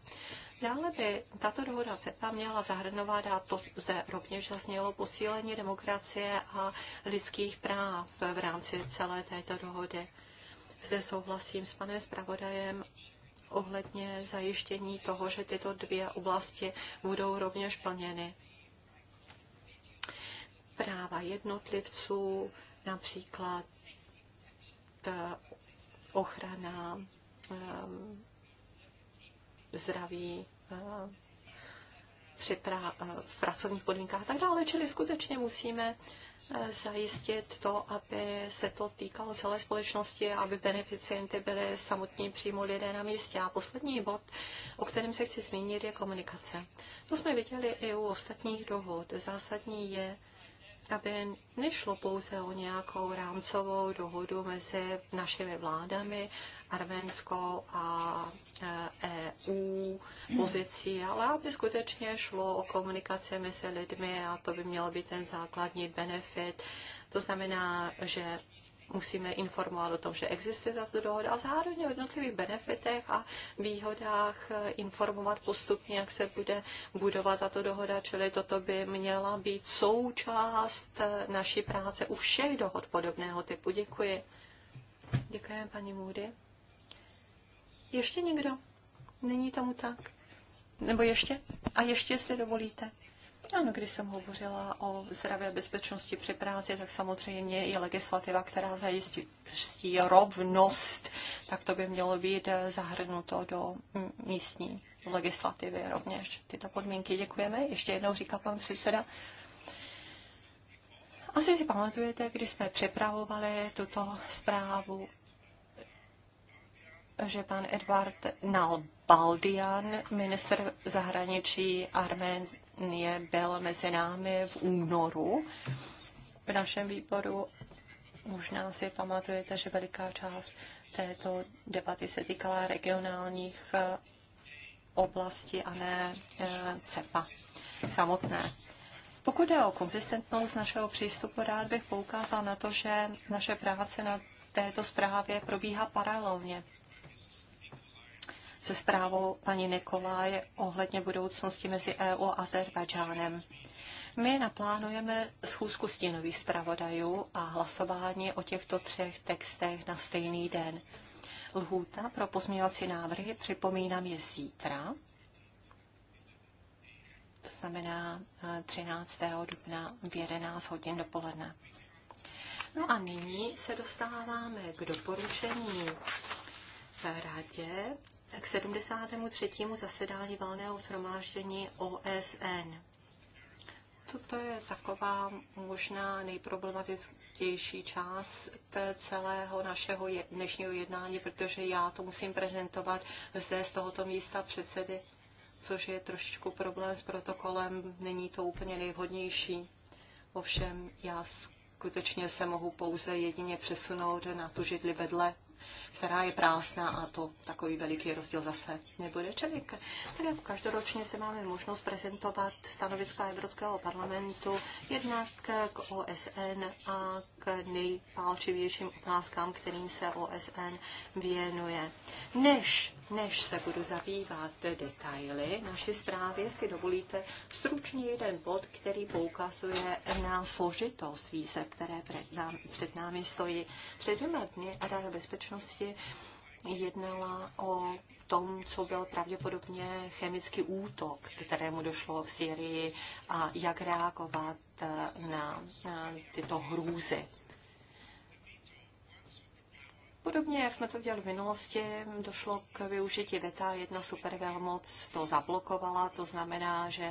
Dále by tato dohoda CETA měla zahrnovat, a to zde rovněž zaznělo, posílení demokracie a lidských práv v rámci celé této dohody. Zde souhlasím s panem zpravodajem ohledně zajištění toho, že tyto dvě oblasti budou rovněž plněny. Práva jednotlivců, například eh, ochrana eh, zdraví eh, při pra, v pracovních podmínkách a tak dále. Čili skutečně musíme zajistit to, aby se to týkalo celé společnosti, aby beneficienty byly samotní přímo lidé na místě. A poslední bod, o kterém se chci zmínit, je komunikace. To jsme viděli i u ostatních dohod. Zásadní je, aby nešlo pouze o nějakou rámcovou dohodu mezi našimi vládami Arménsko a EU e pozici, ale aby skutečně šlo o komunikaci mezi lidmi a to by mělo být ten základní benefit. To znamená, že musíme informovat o tom, že existuje tato dohoda a zároveň o jednotlivých benefitech a výhodách e, informovat postupně, jak se bude budovat tato dohoda, čili toto by měla být součást e, naší práce u všech dohod podobného typu. Děkuji. Děkujeme, paní Moody. Ještě někdo? Není tomu tak? Nebo ještě? A ještě, jestli dovolíte. Ano, když jsem hovořila o zdravé bezpečnosti při práci, tak samozřejmě i legislativa, která zajistí rovnost, tak to by mělo být zahrnuto do místní legislativy rovněž. Tyto podmínky děkujeme. Ještě jednou říká pan předseda. Asi si pamatujete, když jsme připravovali tuto zprávu že pan Edvard Nalbaldian, minister zahraničí Arménie, byl mezi námi v únoru v našem výboru. Možná si pamatujete, že veliká část této debaty se týkala regionálních eh, oblasti a ne eh, CEPA samotné. Pokud jde o konzistentnost našeho přístupu, rád bych poukázal na to, že naše práce na této zprávě probíhá paralelně se zprávou paní Nikolaje ohledně budoucnosti mezi EU a Azerbajdžánem. My naplánujeme schůzku stínových zpravodajů a hlasování o těchto třech textech na stejný den. Lhůta pro pozměňovací návrhy, připomínám, je zítra, to znamená 13. Eh, dubna v 11 hodin dopoledne. No a nyní se dostáváme k doporučení radě k 73. zasedání valného shromáždění OSN. Toto je taková možná nejproblematičtější část celého našeho dnešního jednání, protože já to musím prezentovat zde z tohoto místa předsedy, což je trošičku problém s protokolem, není to úplně nejvhodnější. Ovšem já skutečně se mohu pouze jedině přesunout na tu židli vedle která je prázdná a to takový veliký rozdíl zase nebude. Čili jako každoročně se máme možnost prezentovat stanoviska Evropského parlamentu jednak k OSN a k nejpálčivějším otázkám, kterým se OSN věnuje. Než, než se budu zabývat detaily naší zprávy, si dovolíte stručně jeden bod, který poukazuje na složitost výzev, které před námi stojí. Před dvěma dny a Rada bezpečnosti jednala o tom, co byl pravděpodobně chemický útok, kterému došlo v Syrii a jak reagovat eh, na, na tyto hrůzy. Podobně, jak jsme to dělali v minulosti, došlo k využití veta. Jedna supervelmoc to zablokovala, to znamená, že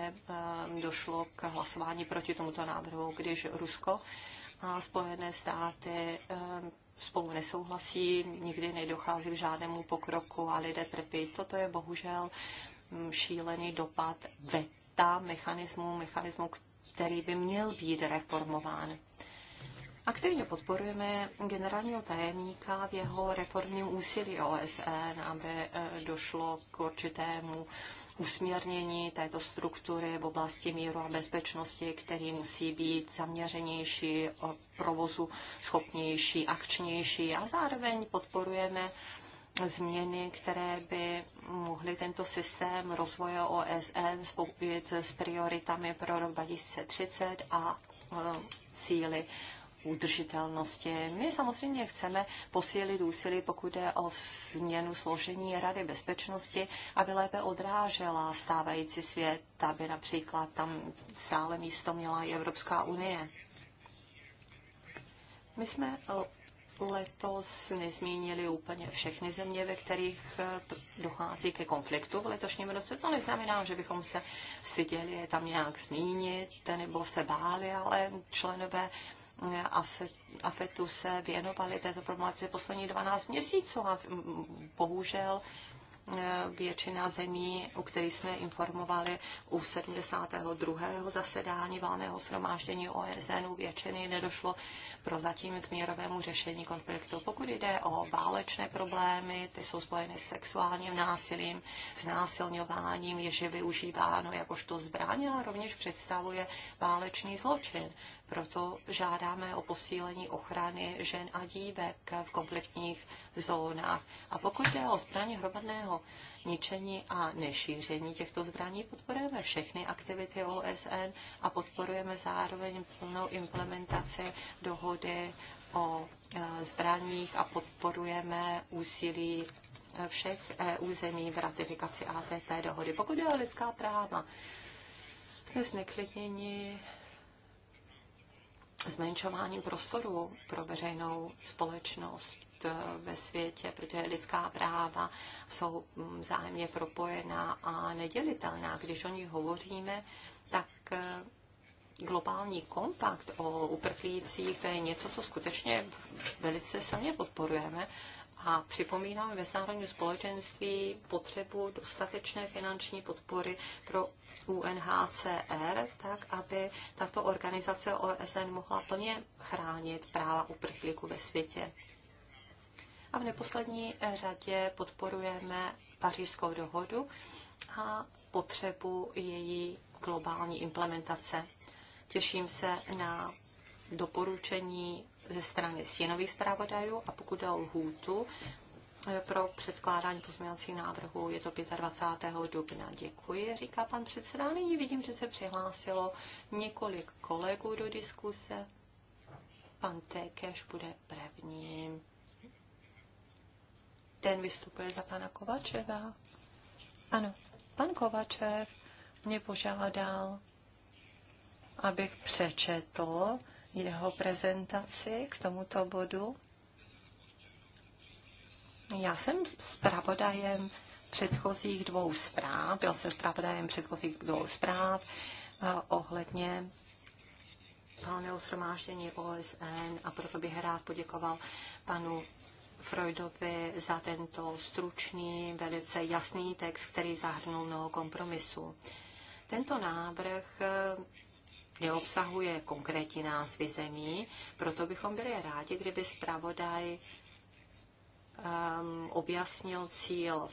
eh, došlo k hlasování proti tomuto návrhu, když Rusko a Spojené státy eh, spolu nesouhlasí, nikdy nedochází k žádnému pokroku a lidé trpí. Toto je bohužel mm, šílený dopad veta mechanismu, mechanismu, který by měl být reformován. Aktivně podporujeme generálního tajemníka v jeho reformním úsilí OSN, aby eh, došlo k určitému usměrnění této struktury v oblasti míru a bezpečnosti, který musí být zaměřenější, provozu schopnější, akčnější a zároveň podporujeme změny, které by mohly tento systém rozvoje OSN spoupit s prioritami pro rok 2030 a e, cíly udržitelnosti. My samozřejmě chceme posílit úsilí, pokud jde o změnu složení Rady bezpečnosti, aby lépe odrážela stávající svět, aby například tam stále místo měla i Evropská unie. My jsme letos nezmínili úplně všechny země, ve kterých eh, dochází ke konfliktu v letošním roce. To neznamená, že bychom se styděli je tam nějak zmínit nebo se báli, ale členové AFETu se věnovali této problematice poslední 12 měsíců a bohužel e, většina zemí, o kterých jsme informovali u 72. zasedání válného shromáždění OSN, většiny nedošlo prozatím k mírovému řešení konfliktu. Pokud jde o válečné problémy, ty jsou spojeny s sexuálním násilím, s násilňováním, jež je využíváno jakožto zbraně a rovněž představuje válečný zločin. Proto žádáme o posílení ochrany žen a dívek v konfliktních zónách. A pokud jde o zbraně hromadného ničení a nešíření těchto zbraní, podporujeme všechny aktivity OSN a podporujeme zároveň plnou implementaci dohody o e, zbraních a podporujeme úsilí e, všech EU zemí v ratifikaci ATT dohody. Pokud je o lidská práva, jsme zneklidněni zmenšováním prostoru pro veřejnou společnost eh, ve světě, protože lidská práva jsou mm, vzájemně propojená a nedělitelná. Když o nich hovoříme, tak eh, globální kompakt o uprchlících, to je něco, co skutečně velice silně podporujeme a připomínám mezinárodní společenství potřebu dostatečné finanční podpory pro UNHCR, tak aby tato organizace OSN mohla plně chránit práva uprchlíků ve světě. A v neposlední řadě podporujeme pařížskou dohodu a potřebu její globální implementace. Těším se na doporučení ze strany stěnových zpravodajů a pokud jde o lhůtu eh, pro předkládání pozměňovacích návrhů, je to 25. dubna. Děkuji, říká pan předseda. Nyní vidím, že se přihlásilo několik kolegů do diskuse. Pan Tékeš bude prvním. Ten vystupuje za pana Kovačeva. Ano, pan Kovačev mě požádal, abych přečetl jeho prezentaci k tomuto bodu. Já jsem zpravodajem předchozích dvou zpráv, byl jsem zpravodajem předchozích dvou zpráv eh, ohledně valného shromáždění OSN a proto bych rád poděkoval panu Freudovi za tento stručný, velice jasný text, který zahrnul mnoho kompromisů. Tento návrh eh, neobsahuje konkrétní názvy zemí, proto bychom byli rádi, kdyby zpravodaj um, objasnil cíl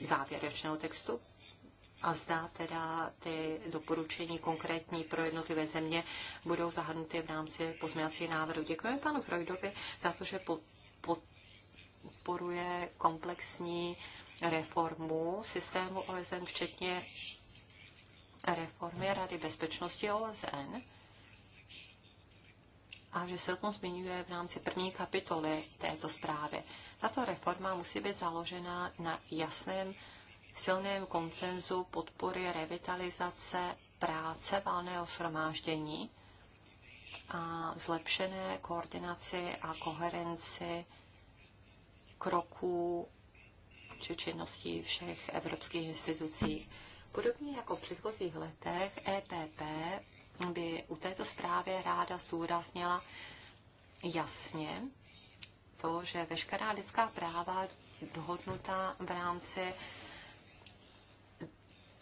závěrečného textu a zda teda ty doporučení konkrétní pro jednotlivé země budou zahrnuty v rámci pozměňovacího návrhu. Děkujeme panu Freudovi za to, že po, podporuje komplexní reformu systému OSN, včetně reformy Rady bezpečnosti OSN a že se o tom zmiňuje v rámci první kapitoly této zprávy. Tato reforma musí být založena na jasném, silném koncenzu podpory revitalizace práce válného shromáždění a zlepšené koordinaci a koherenci kroků či činností všech evropských institucí. Podobně jako v předchozích letech, EPP by u této zprávy ráda zdůraznila jasně to, že veškerá lidská práva dohodnutá v rámci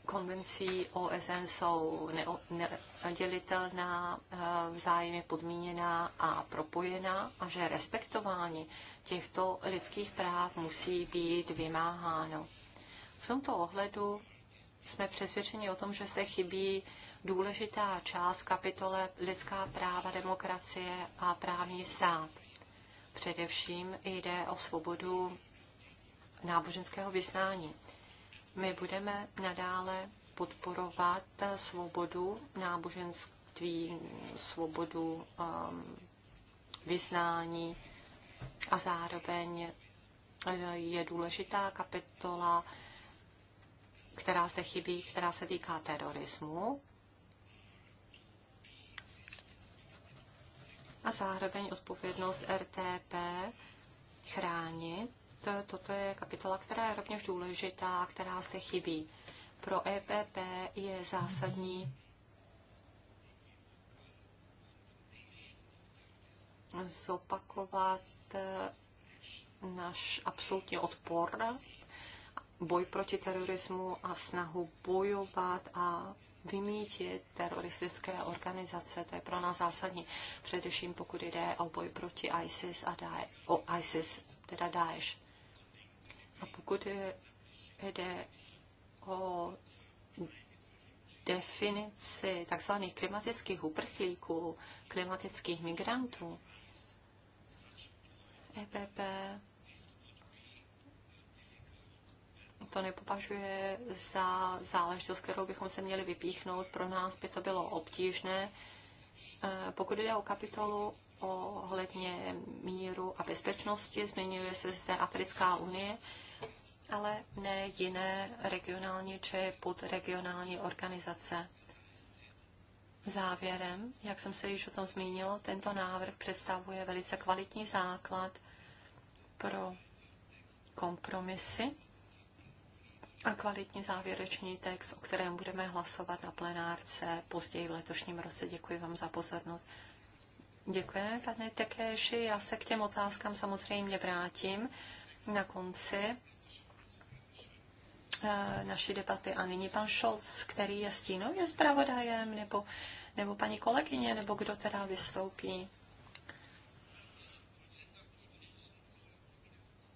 konvencí OSN jsou nedělitelná, eh, vzájemně podmíněná a propojená a že respektování těchto lidských práv musí být vymáháno. V tomto ohledu jsme přesvědčeni o tom, že zde chybí důležitá část kapitole lidská práva, demokracie a právní stát. Především jde o svobodu náboženského vyznání. My budeme nadále podporovat svobodu náboženství, svobodu um, vyznání a zároveň je důležitá kapitola která zde chybí, která se týká terorismu. A zároveň odpovědnost RTP chránit. Toto je kapitola, která je rovněž důležitá a která zde chybí. Pro EPP je zásadní zopakovat eh, náš absolutní odpor boj proti terorismu a snahu bojovat a vymítit teroristické organizace. To je pro nás zásadní, především pokud jde o boj proti ISIS a Dae, o ISIS, teda Daesh. A pokud jde o definici tzv. klimatických uprchlíků, klimatických migrantů, EPP to nepovažuje za záležitost, kterou bychom se měli vypíchnout. Pro nás by to bylo obtížné. Eh, pokud jde o kapitolu ohledně míru a bezpečnosti, zmiňuje se zde Africká unie, ale ne jiné regionální či podregionální organizace. Závěrem, jak jsem se již o tom zmínil, tento návrh představuje velice kvalitní základ pro kompromisy a kvalitní závěrečný text, o kterém budeme hlasovat na plenárce později v letošním roce. Děkuji vám za pozornost. Děkuji, pane Tekéši. Já se k těm otázkám samozřejmě vrátím na konci eh, naší debaty. A nyní pan Scholz, který je stínově zpravodajem, nebo, nebo paní kolegyně, nebo kdo teda vystoupí.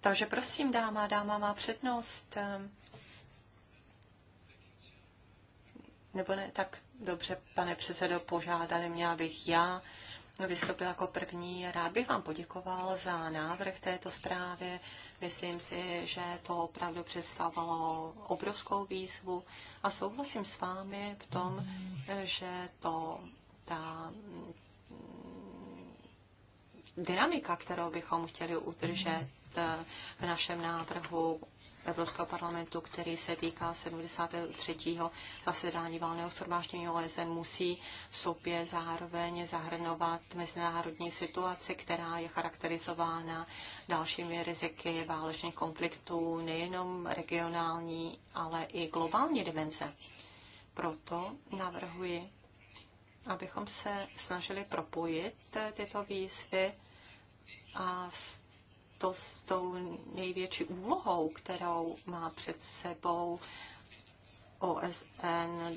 Takže prosím, dáma, dáma má přednost. Nebo ne? Tak dobře, pane předsedo, požádali mě, abych já vystoupil jako první. Rád bych vám poděkoval za návrh této zprávy. Myslím si, že to opravdu představovalo obrovskou výzvu a souhlasím s vámi v tom, že to ta mm, dynamika, kterou bychom chtěli udržet eh, v našem návrhu, Evropského parlamentu, který se týká 73. zasedání válného shromáždění OSN, musí v sobě zároveň zahrnovat mezinárodní situaci, která je charakterizována dalšími riziky válečných konfliktů, nejenom regionální, ale i globální dimenze. Proto navrhuji, abychom se snažili propojit tyto výzvy a to s tou největší úlohou, kterou má před sebou OSN,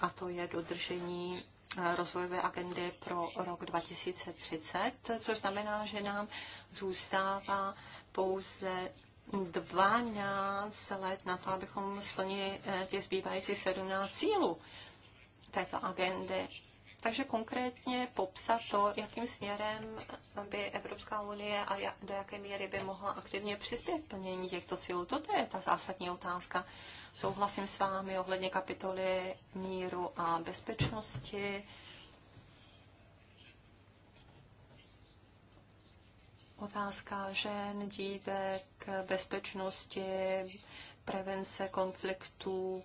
a to je dodržení eh, rozvojové agendy pro rok 2030, což znamená, že nám zůstává pouze 12 let na to, abychom splnili eh, těch zbývajících 17 cílů této agendy. Takže konkrétně popsat to, jakým směrem by Evropská unie a do jaké míry by mohla aktivně přispět plnění těchto cílů. Toto je ta zásadní otázka. Souhlasím s vámi ohledně kapitoly míru a bezpečnosti. Otázka žen, dívek, bezpečnosti, prevence konfliktů,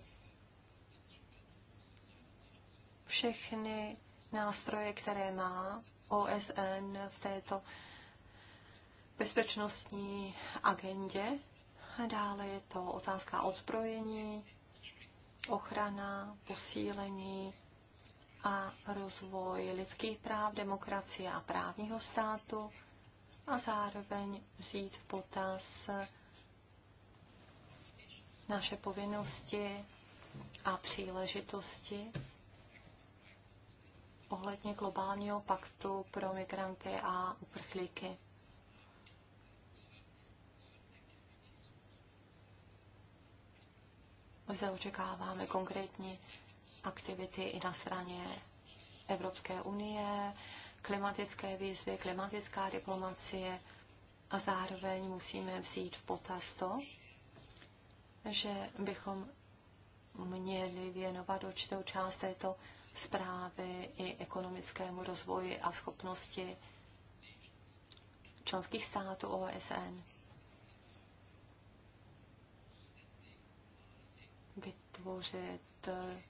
všechny nástroje, které má OSN v této bezpečnostní agendě. A dále je to otázka odzbrojení, ochrana, posílení a rozvoj lidských práv, demokracie a právního státu a zároveň vzít v potaz naše povinnosti a příležitosti ohledně globálního paktu pro migranty a uprchlíky. Zde očekáváme konkrétní aktivity i na straně Evropské unie, klimatické výzvy, klimatická diplomacie a zároveň musíme vzít v potaz to, že bychom měli věnovat určitou část této zprávy i ekonomickému rozvoji a schopnosti členských států OSN. Vytvořit eh,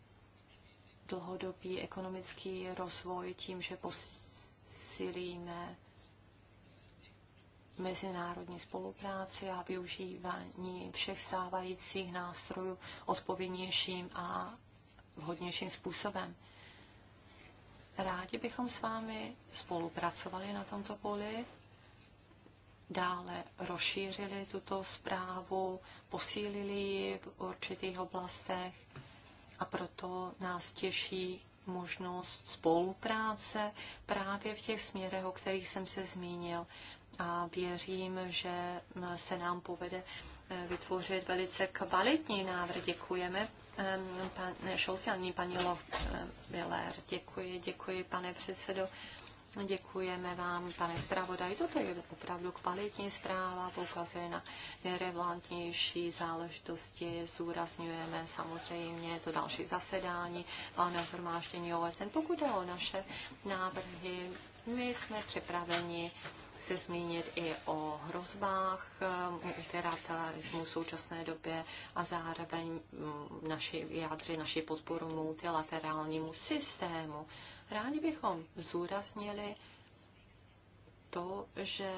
dlouhodobý ekonomický rozvoj tím, že posílíme mezinárodní spolupráci a využívání všech stávajících nástrojů odpovědnějším a vhodnějším způsobem. Rádi bychom s vámi spolupracovali na tomto poli, dále rozšířili tuto zprávu, posílili ji v určitých oblastech a proto nás těší možnost spolupráce právě v těch směrech, o kterých jsem se zmínil. A věřím, že se nám povede eh, vytvořit velice kvalitní návrh. Děkujeme Ehm, pane Šolci, ani paní Lochbiller. Děkuji, děkuji, pane předsedo. Děkujeme vám, pane zpravodaj. Toto je opravdu kvalitní zpráva, poukazuje na nejrelevantnější záležitosti. Zdůrazňujeme samozřejmě to další zasedání na zhromáždění OSN. Pokud jde o naše návrhy, my jsme připraveni se zmínit i o hrozbách, eh, která terorismu v současné době a zároveň mm, naši, vyjádřit naši podporu multilaterálnímu systému. Rádi bychom zúraznili to, že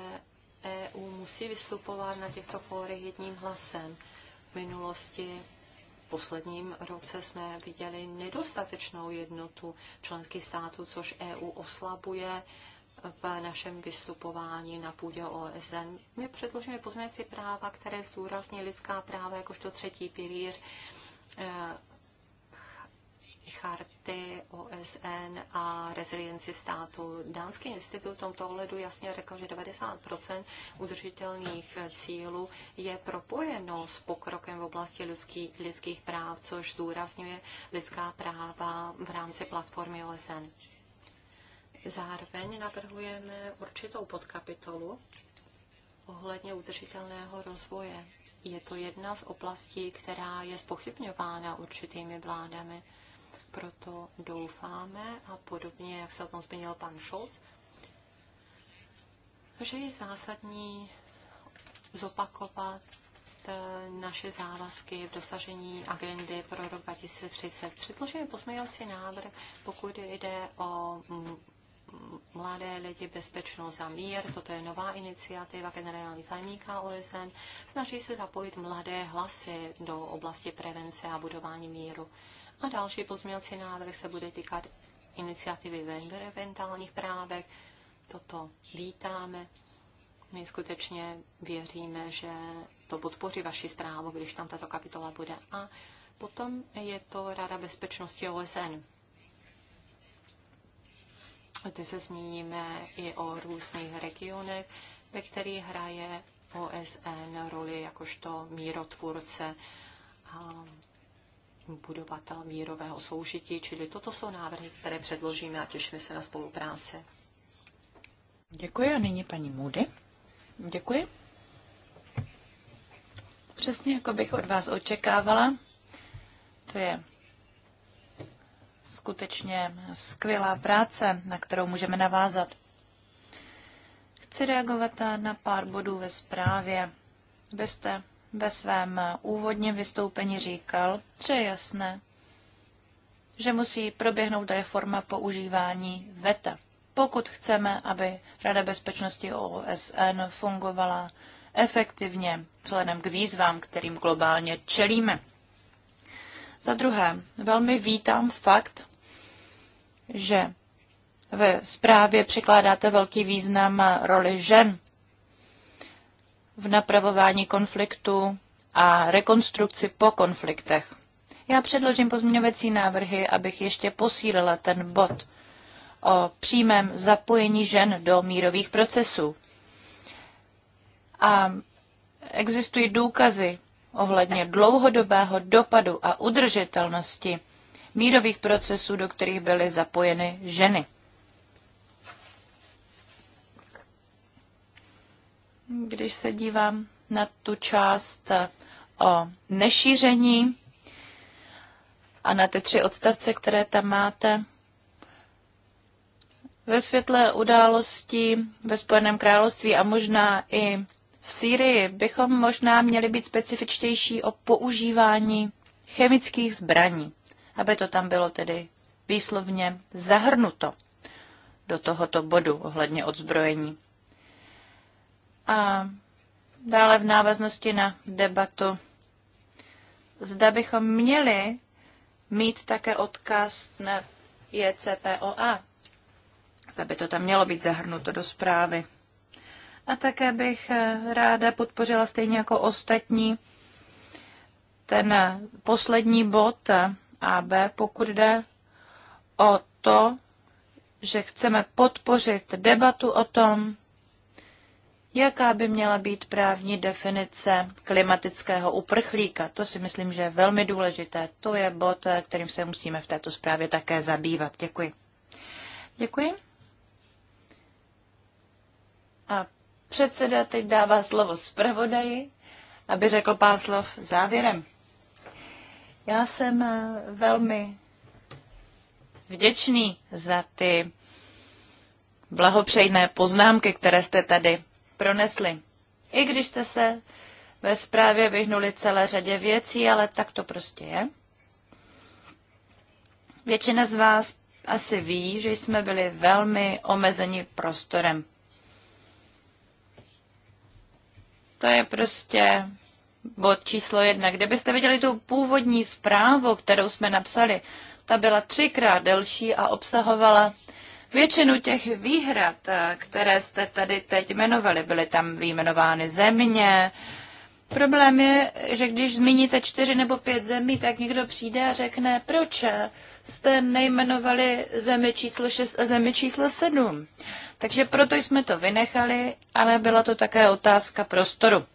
EU musí vystupovat na těchto fórech jedním hlasem. V minulosti posledním roce jsme viděli nedostatečnou jednotu členských států, což EU oslabuje v našem vystupování na půdě OSN. My předložíme pozměňovací práva, které zdůrazní lidská práva jakožto třetí pilíř eh, charty OSN a rezilienci státu. Dánský institut v tomto ohledu jasně řekl, že 90 udržitelných cílů je propojeno s pokrokem v oblasti lidský, lidských práv, což zdůrazňuje lidská práva v rámci platformy OSN. Zároveň navrhujeme určitou podkapitolu ohledně udržitelného rozvoje. Je to jedna z oblastí, která je spochybňována určitými vládami. Proto doufáme, a podobně, jak se o tom zmínil pan Scholz, že je zásadní zopakovat eh, naše závazky v dosažení agendy pro rok 2030. Předložíme pozměňovací návrh, pokud jde o mm, mladé lidi, bezpečnost a mír. Toto je nová iniciativa generální tajemníka OSN. Snaží se zapojit mladé hlasy do oblasti prevence a budování míru. A další pozměňovací návrh se bude týkat iniciativy ve environmentálních právech. Toto vítáme. My skutečně věříme, že to podpoří vaši zprávu, když tam tato kapitola bude. A potom je to Rada bezpečnosti OSN. A teď se zmíníme i o různých regionech, ve kterých hraje OSN roli jakožto mírotvůrce a budovatel mírového soužití. Čili toto jsou návrhy, které předložíme a těšíme se na spolupráci. Děkuji a nyní paní Moody. Děkuji. Přesně jako bych od vás očekávala, to je skutečně skvělá práce, na kterou můžeme navázat. Chci reagovat na pár bodů ve zprávě. Vy jste ve svém úvodním vystoupení říkal, že je jasné, že musí proběhnout reforma používání VETA, pokud chceme, aby Rada bezpečnosti OSN fungovala efektivně vzhledem k výzvám, kterým globálně čelíme. Za druhé, velmi vítám fakt, že ve zprávě přikládáte velký význam roli žen v napravování konfliktu a rekonstrukci po konfliktech. Já předložím pozměňovací návrhy, abych ještě posílila ten bod o přímém zapojení žen do mírových procesů. A existují důkazy ohledně dlouhodobého dopadu a udržitelnosti mírových procesů, do kterých byly zapojeny ženy. Když se dívám na tu část eh, o nešíření a na ty tři odstavce, které tam máte, ve světle událostí ve Spojeném království a možná i v Sýrii bychom možná měli být specifičtější o používání chemických zbraní, aby to tam bylo tedy výslovně zahrnuto do tohoto bodu ohledně odzbrojení. A dále v návaznosti na debatu, zda bychom měli mít také odkaz na JCPOA. Zda by to tam mělo být zahrnuto do zprávy. A také bych eh, ráda podpořila stejně jako ostatní ten poslední bod eh, AB, pokud jde o to, že chceme podpořit debatu o tom, jaká by měla být právní definice klimatického uprchlíka. To si myslím, že je velmi důležité. To je bod, eh, kterým se musíme v této zprávě také zabývat. Děkuji. Děkuji. A Předseda teď dává slovo zpravodaji, aby řekl pár slov závěrem. Já jsem eh, velmi vděčný za ty blahopřejné poznámky, které jste tady pronesli. I když jste se ve zprávě vyhnuli celé řadě věcí, ale tak to prostě je. Většina z vás asi ví, že jsme byli velmi omezeni prostorem. To je prostě bod číslo jedna. Kdybyste viděli tu původní zprávu, kterou jsme napsali, ta byla třikrát delší a obsahovala většinu těch výhrad, které jste tady teď jmenovali. Byly tam vyjmenovány země. Problém je, že když zmíníte čtyři nebo pět zemí, tak někdo přijde a řekne, proč jste nejmenovali zemi číslo 6 a zemi číslo 7. Takže proto jsme to vynechali, ale byla to také otázka prostoru.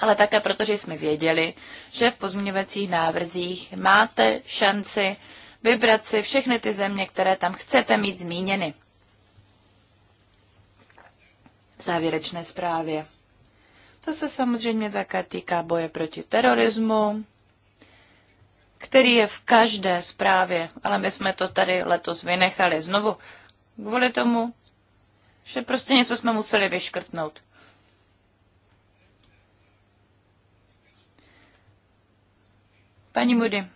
Ale také proto, že jsme věděli, že v pozměňovacích návrzích máte šanci vybrat si všechny ty země, které tam chcete mít zmíněny. V závěrečné zprávě. To se samozřejmě také týká boje proti terorismu, který je v každé zprávě, ale my jsme to tady letos vynechali znovu kvůli tomu, že prostě něco jsme museli vyškrtnout. Paní Mudy,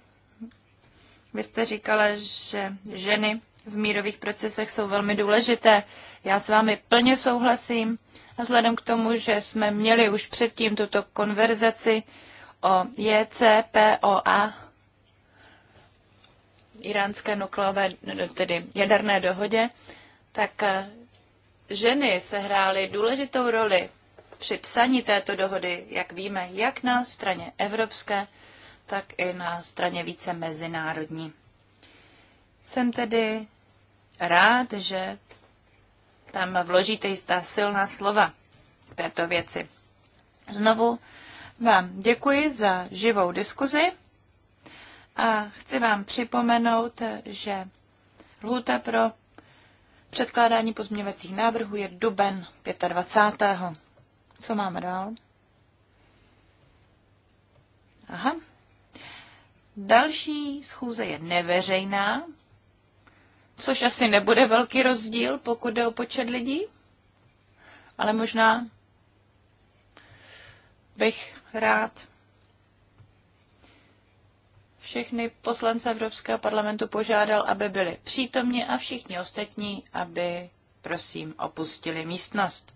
vy jste říkala, že ženy v mírových procesech jsou velmi důležité. Já s vámi plně souhlasím a vzhledem k tomu, že jsme měli už předtím tuto konverzaci o JCPOA, iránské nukleové, tedy jaderné dohodě, tak eh, ženy se hrály důležitou roli při psaní této dohody, jak víme, jak na straně evropské, tak i na straně více mezinárodní. Jsem tedy rád, že tam vložíte jistá silná slova k této věci. Znovu vám děkuji za živou diskuzi. A chci vám připomenout, že lhůta pro předkládání pozměňovacích návrhů je duben 25. Co máme dál? Aha. Další schůze je neveřejná, což asi nebude velký rozdíl, pokud jde o počet lidí, ale možná bych rád všechny poslance Evropského parlamentu požádal, aby byli přítomni a všichni ostatní, aby prosím opustili místnost.